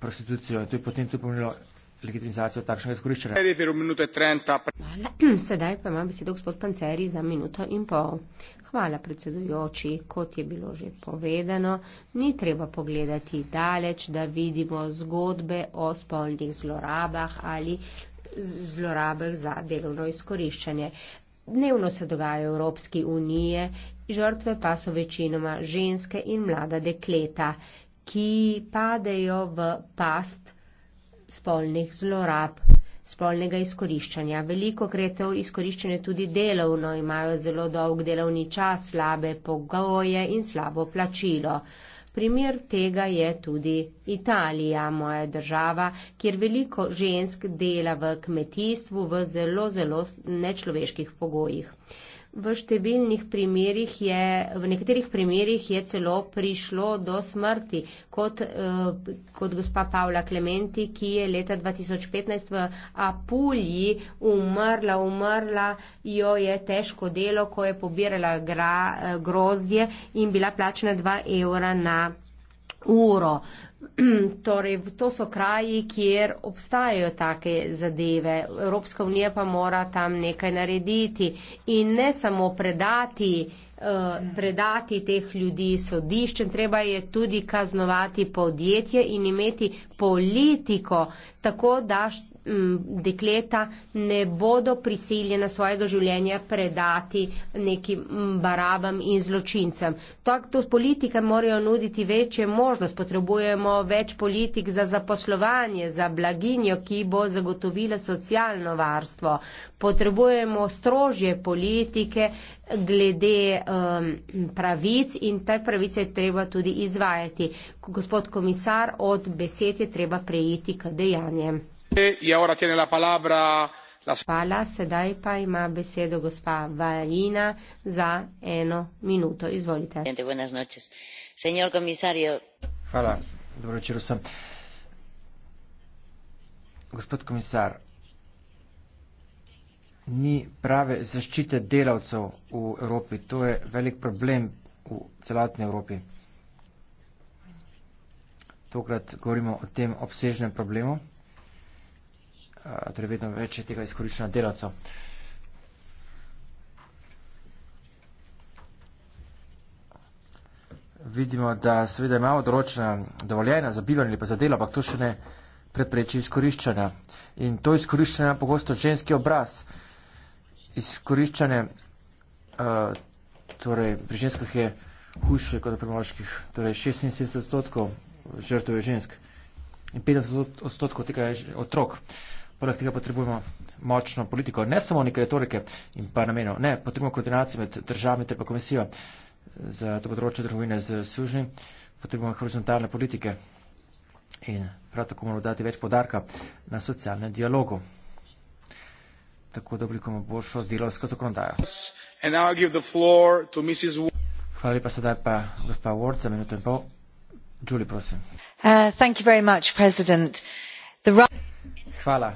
prostitucijo. To je potem tudi pomenilo legitimizacijo takšnega izkoriščanja. [CLEARS THROAT] Sedaj pa ima besedo gospod Panceri za minuto in pol. Hvala, predsedujoči. Kot je bilo že povedano, ni treba pogledati daleč, da vidimo zgodbe o spolnih zlorabah ali zlorabah za delovno izkoriščanje. Dnevno se dogaja v Evropski uniji, žrtve pa so večinoma ženske in mlada dekleta, ki padejo v past spolnih zlorab spolnega izkoriščanja. Veliko kretov izkoriščene tudi delovno, imajo zelo dolg delovni čas, slabe pogoje in slabo plačilo. Primer tega je tudi Italija, moja država, kjer veliko žensk dela v kmetijstvu v zelo, zelo nečloveških pogojih. V številnih primerjih je, v nekaterih primerjih je celo prišlo do smrti, kot, eh, kot gospa Pavla Klementi, ki je leta 2015 v Apulji umrla, umrla, jo je težko delo, ko je pobirala gra, eh, grozdje in bila plačena 2 evra na uro. [CLEARS THROAT] Torej, to so kraji, kjer obstajajo take zadeve. Evropska unija pa mora tam nekaj narediti in ne samo predati, eh, predati teh ljudi sodiščem, treba je tudi kaznovati podjetje in imeti politiko, tako da, m, dekleta ne bodo prisiljena svojega življenja predati nekim barabam in zločincem. Tako politike morajo nuditi večje možnost. Potrebujemo več politik za zaposlovanje, za blaginjo, ki bo zagotovila socialno varstvo. Potrebujemo strožje politike glede um, pravic in te pravice je treba tudi izvajati. Gospod komisar, od besed je treba prejiti k dejanjem. E, e Hvala, sedaj pa ima besedo gospa Valina za eno minuto. Izvolite. Hvala, dobro večer vsem. Gospod komisar, ni prave zaščite delavcev v Evropi. To je velik problem v celotni Evropi. Tokrat govorimo o tem obsežnem problemu. Eh, torej vedno več je tega izkoriščena delavcev. Vidimo, da seveda imamo določena dovoljena za bivanje ali pa za delo, ampak to še ne prepreči izkoriščanja. In to izkoriščanje je pogosto ženski obraz. Izkoriščanje uh, torej, pri ženskah je hujše kot pri moških. Torej 76 odstotkov žrtov je žensk in 50 odstotkov tega je otrok. Uh, Poleg tega potrebujemo močno politiko, ne samo neke retorike in pa namenov. Ne, potrebujemo koordinacijo med državami ter pa komisijo za to področje trgovine z sužnji. Potrebujemo horizontalne politike in prav tako moramo dati več podarka na socialnem dialogu. Tako da oblikujemo boljšo delovsko zakonodajo. Hvala lepa sedaj pa gospa Ward za minuto in pol. Julie, prosim. Uh, thank you very much, President. The right... Hvala,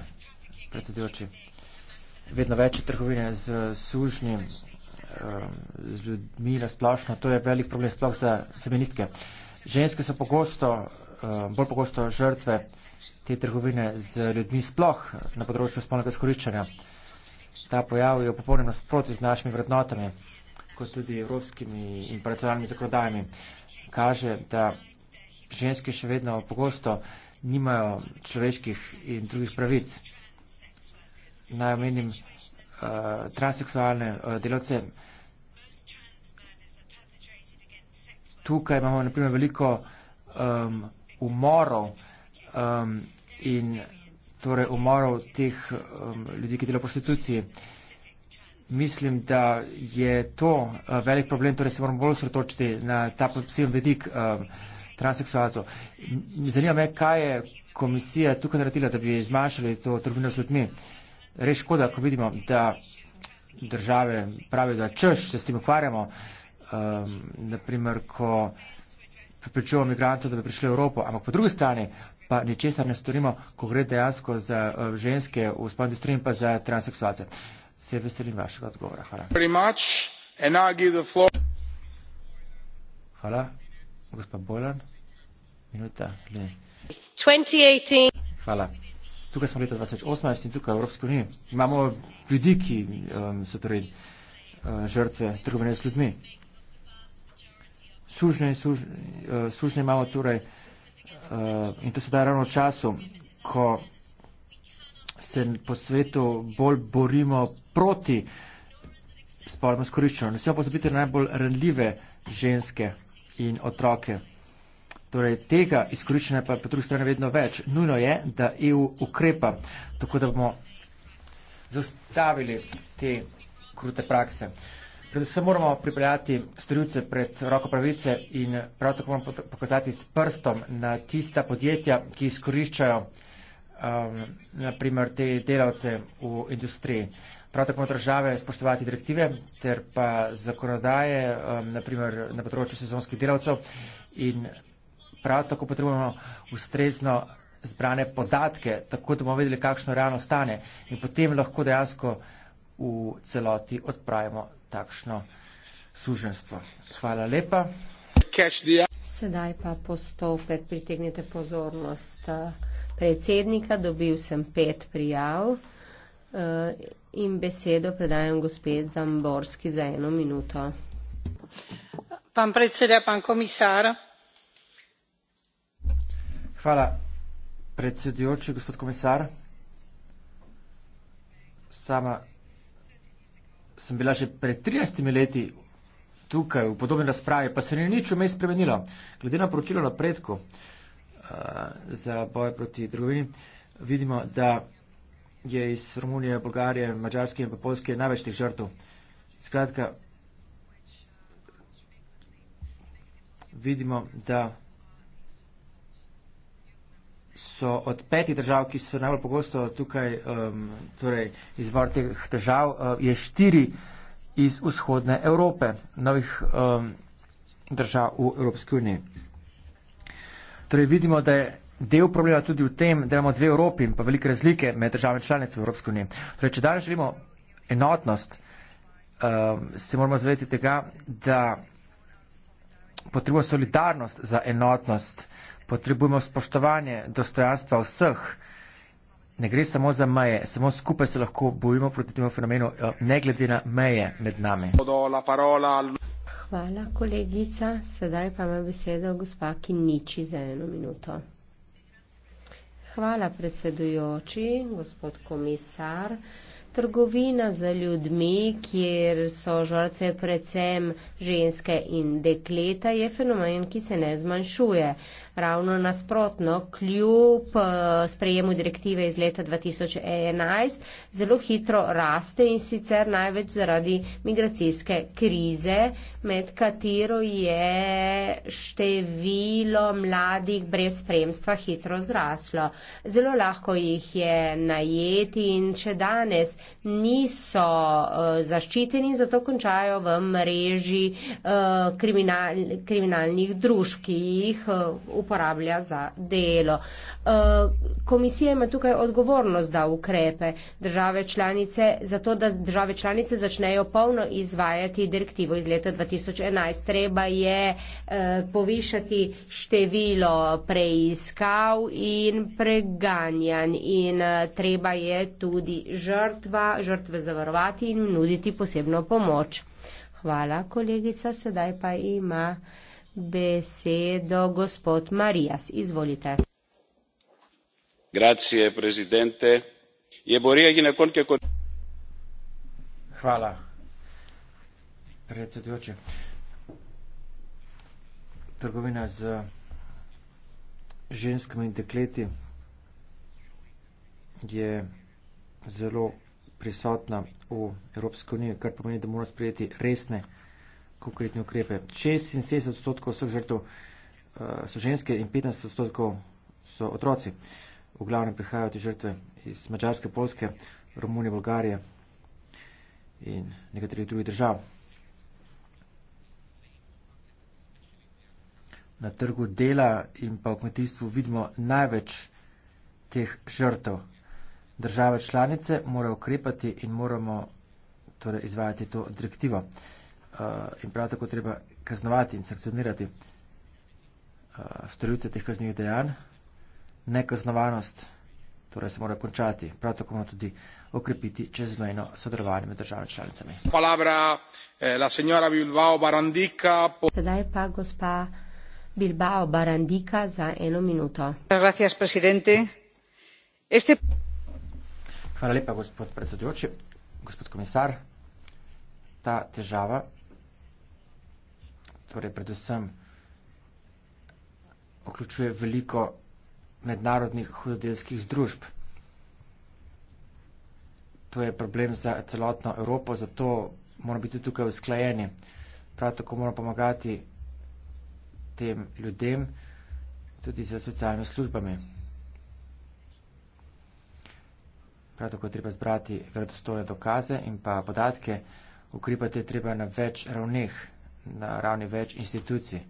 predsedujoči. Vedno več je trgovine z sužnjim, eh, z ljudmi na splošno. To je velik problem sploh za feministke. Ženske so pogosto, eh, bolj pogosto žrtve te trgovine z ljudmi sploh na področju spolnega skoriščanja. Ta pojav je v popolnem nasprotju z našimi vrednotami, kot tudi evropskimi in paracionalnimi zakladajami. Kaže, da ženske še vedno pogosto nimajo človeških in drugih pravic. Naj omenim uh, transseksualne uh, delavce. Tukaj imamo naprimer veliko um, umorov um, in torej umorov teh um, ljudi, ki delajo v prostituciji. Mislim, da je to uh, velik problem, torej se moramo bolj sretočiti na ta posebno vedik. Um, transseksualcev. Zanima me, kaj je komisija tukaj naredila, da bi zmanjšali to trgovino z ljudmi. Res škoda, ko vidimo, da države pravijo, da češ se s tem ukvarjamo, um, ehm, naprimer, ko pripričujemo migrantov, da bi prišli v Evropo, ampak po drugi strani pa ničesar ne storimo, ko gre dejansko za uh, ženske v spolni industriji in pa za transseksualce. Se veselim vašega odgovora. Hvala. Hvala hvala. Tukaj smo leta 2018 in tukaj v Evropski uniji. Imamo ljudi, ki um, so torej uh, žrtve trgovine z ljudmi. Sužne, sužne, uh, sužne imamo torej uh, in to se da ravno v času, ko se po svetu bolj borimo proti spolnemu skoriščenju. Ne smemo pozabiti na najbolj renljive ženske in otroke. Torej, tega izkoriščanja pa je po drugi strani vedno več. Nujno je, da EU ukrepa, tako da bomo zastavili te krute prakse. Predvsem moramo pripeljati storilce pred roko pravice in prav tako moramo pokazati s prstom na tista podjetja, ki izkoriščajo um, naprimer te delavce v industriji prav tako države spoštovati direktive ter pa zakonodaje, um, naprimer na področju sezonskih delavcev in prav tako potrebujemo ustrezno zbrane podatke, tako da bomo vedeli, kakšno realno stane in potem lahko dejansko v celoti odpravimo takšno suženstvo. Hvala lepa. Sedaj pa postopek pritegnite pozornost uh, predsednika, dobil sem pet prijav. Uh, in besedo predajam gospe zborsk za eno minuto. pán predseda pán komisár. hvala predsedujoči gospod komisar. sama sem bila že pred tridesetimi leti tukaj v podobni razpravi pa se ni nič vmes spremenilo. glede na poročilo napredku uh, za boj proti trgovini vidimo da je iz Romunije, Bolgarije, Mađarske in Polske največ teh žrtv. Skratka, vidimo, da so od petih držav, ki so najbolj pogosto tukaj um, torej izvor teh držav, uh, je štiri iz vzhodne Evrope, novih um, držav v Evropski uniji. Torej vidimo, da je Del problema je tudi v tem, da imamo dve Evropi in pa velike razlike med državami članicami Evropske unije. Torej, če danes želimo enotnost, uh, se moramo zavedati tega, da potrebujemo solidarnost za enotnost, potrebujemo spoštovanje dostojanstva vseh. Ne gre samo za meje, samo skupaj se lahko bojimo proti temu fenomenu, eh, ne glede na meje med nami. Hvala, kolegica. Sedaj pa ima besedo gospa Kinniči za eno minuto. Hvala predsedujoči, gospod komisar trgovina z ljudmi, kjer so žrtve predvsem ženske in dekleta, je fenomen, ki se ne zmanjšuje. Ravno nasprotno, kljub eh, sprejemu direktive iz leta 2011, zelo hitro raste in sicer največ zaradi migracijske krize, med katero je število mladih brez spremstva hitro zraslo. Zelo lahko jih je najeti in še danes niso uh, zaščiteni, zato končajo v mreži uh, kriminal, kriminalnih družb, ki jih uh, uporablja za delo. Uh, komisija ima tukaj odgovornost, da ukrepe države članice, zato da države članice začnejo polno izvajati direktivo iz leta 2011. Treba je uh, povišati število preiskav in preganjanj in uh, treba je tudi žrtve pozva žrtve zavarovati in nuditi posebno pomoč. Hvala, kolegica. Sedaj pa ima besedo gospod Marijas. Izvolite. Grazie, prezidente. Je Borija Ginekonke kot. Hvala, predsedujoče. Trgovina z ženskami in dekleti je zelo prisotna v Evropske unije, kar pomeni, da mora sprejeti resne konkretne ukrepe. 66 odstotkov vseh žrtev eh, so ženske in 15 odstotkov so otroci. V glavnem prihajajo te žrtve iz Mačarske, Polske, Romunije, Bolgarije in nekaterih drugih držav. Na trgu dela in pa v kmetijstvu vidimo največ teh žrtev države članice morajo ukrepati in moramo torej, izvajati to direktivo. Uh, in prav tako treba kaznovati in sankcionirati uh, storilce teh kaznjivih dejanj. Nekaznovanost torej, se mora končati, prav tako moramo tudi okrepiti čezmejno sodelovanje med državami članicami. Eh, Sedaj pa gospa Bilbao Barandika za eno minuto. Gracias, Hvala lepa, gospod predsedujoči, gospod komisar. Ta težava, torej predvsem, vključuje veliko mednarodnih hudodelskih združb. To je problem za celotno Evropo, zato moramo biti tukaj usklajeni. Prav tako moramo pomagati tem ljudem, tudi z socialnimi službami. Prav tako je treba zbrati vredostojne dokaze in pa podatke, ukripati je treba na več ravneh, na ravni več institucij.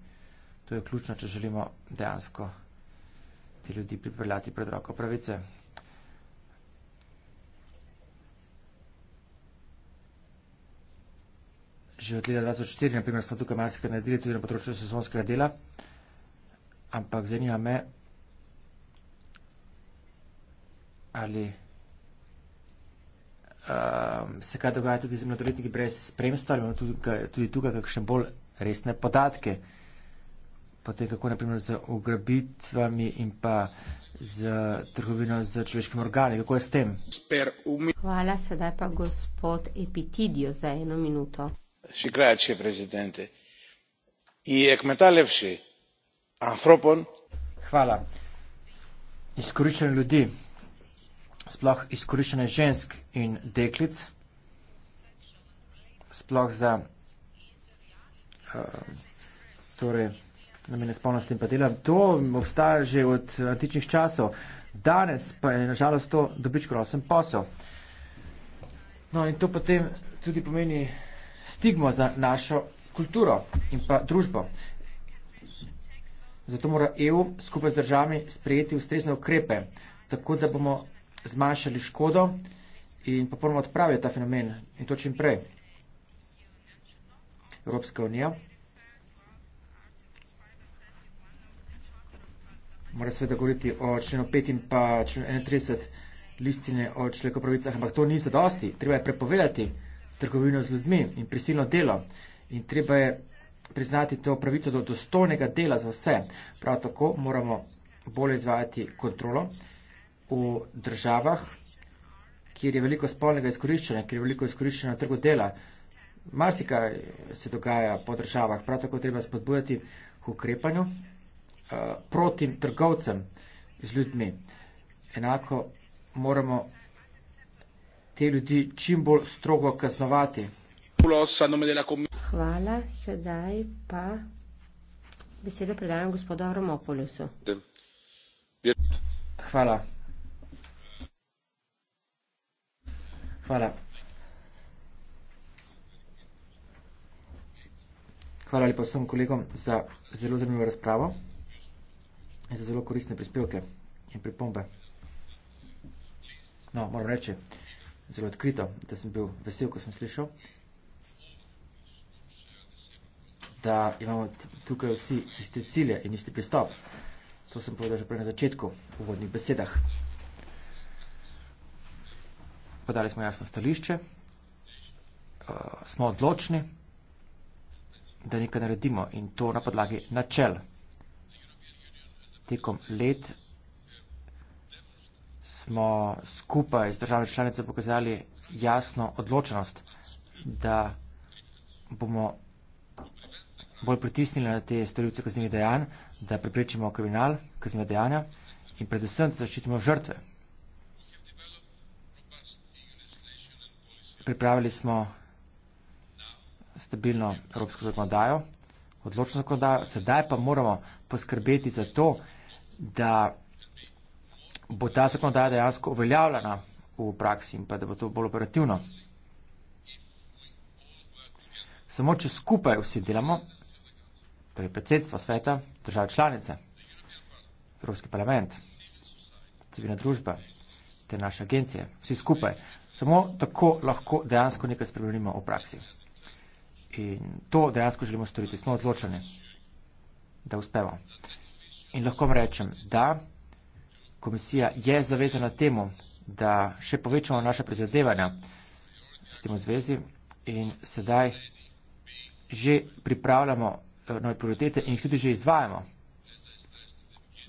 To je ključno, če želimo dejansko te ljudi pripeljati pred roko pravice. Že od leta 2004, naprimer, smo tukaj marsikaj naredili tudi na področju sezonskega dela, ampak zanima me, ali uh, se kaj dogaja tudi z mladoletniki brez spremstva, imamo tudi, tudi tukaj kakšne bolj resne podatke. Potem kako naprimer z ugrabitvami in pa z trgovino z človeškim organom, kako je s tem? Hvala, sedaj pa gospod Epitidijo za eno minuto. Še kraj, še prezidente. Je kmetalevši, antropon. Hvala. Izkoriščanje ljudi sploh izkoriščene žensk in deklic, sploh za uh, torej, namene spolnosti in pa dela. To obstaja že od antičnih časov. Danes pa je nažalost to dobič krosen posel. No in to potem tudi pomeni stigmo za našo kulturo in pa družbo. Zato mora EU skupaj z državami sprejeti ustrezne ukrepe, tako da bomo zmanjšali škodo in popolnoma odpravili ta fenomen in to čim prej. Evropska unija mora sveda govoriti o členu 5 in pa členu 31 listine o človekovih pravicah, ampak to ni zadosti. Treba je prepovedati trgovino z ljudmi in prisilno delo in treba je priznati to pravico do dostojnega dela za vse. Prav tako moramo bolje izvajati kontrolo, v državah, kjer je veliko spolnega izkoriščanja, kjer je veliko izkoriščanja trgu dela. Marsikaj se dogaja po državah, prav tako treba spodbujati k ukrepanju uh, proti trgovcem z ljudmi. Enako moramo te ljudi čim bolj strogo kaznovati. Hvala, sedaj pa besedo predajam gospodu Romopolusu. Hvala. Hvala. Hvala lepo vsem kolegom za zelo zanimivo razpravo in za zelo koristne prispevke in pripombe. No, moram reči, zelo odkrito, da sem bil vesel, ko sem slišal, da imamo tukaj vsi iste cilje in isti pristop. To sem povedal že prej na začetku v uvodnih besedah podali smo jasno stališče, uh, smo odločni, da nekaj naredimo in to na podlagi načel. Tekom let smo skupaj z državami članice pokazali jasno odločenost, da bomo bolj pritisnili na te storilce kaznjivih dejanj, da preprečimo kriminal, kaznjiva dejanja in predvsem, da zaščitimo žrtve. pripravili smo stabilno evropsko zakonodajo, odločno zakonodajo, sedaj pa moramo poskrbeti za to, da bo ta zakonodaja dejansko uveljavljena v praksi in pa da bo to bolj operativno. Samo, če skupaj vsi delamo, torej predsedstvo sveta, države članice, Evropski parlament, civilna družba, te naše agencije, vsi skupaj, Samo tako lahko dejansko nekaj spremenimo v praksi. In to dejansko želimo storiti. Smo odločeni, da uspemo. In lahko vam rečem, da komisija je zavezana temu, da še povečamo naše prizadevanja s tem v zvezi in sedaj že pripravljamo eh, nove prioritete in jih tudi že izvajamo.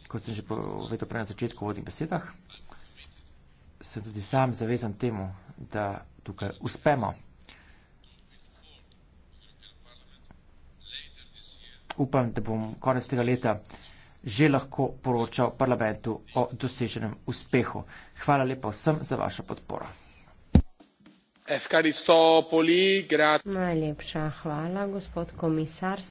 Kot sem že povedal prej na začetku v vodnih besedah se tudi sam zavezam temu, da tukaj uspemo. Upam, da bom konec tega leta že lahko poročal parlamentu o doseženem uspehu. Hvala lepa vsem za vašo podporo. Najlepša hvala, gospod komisar.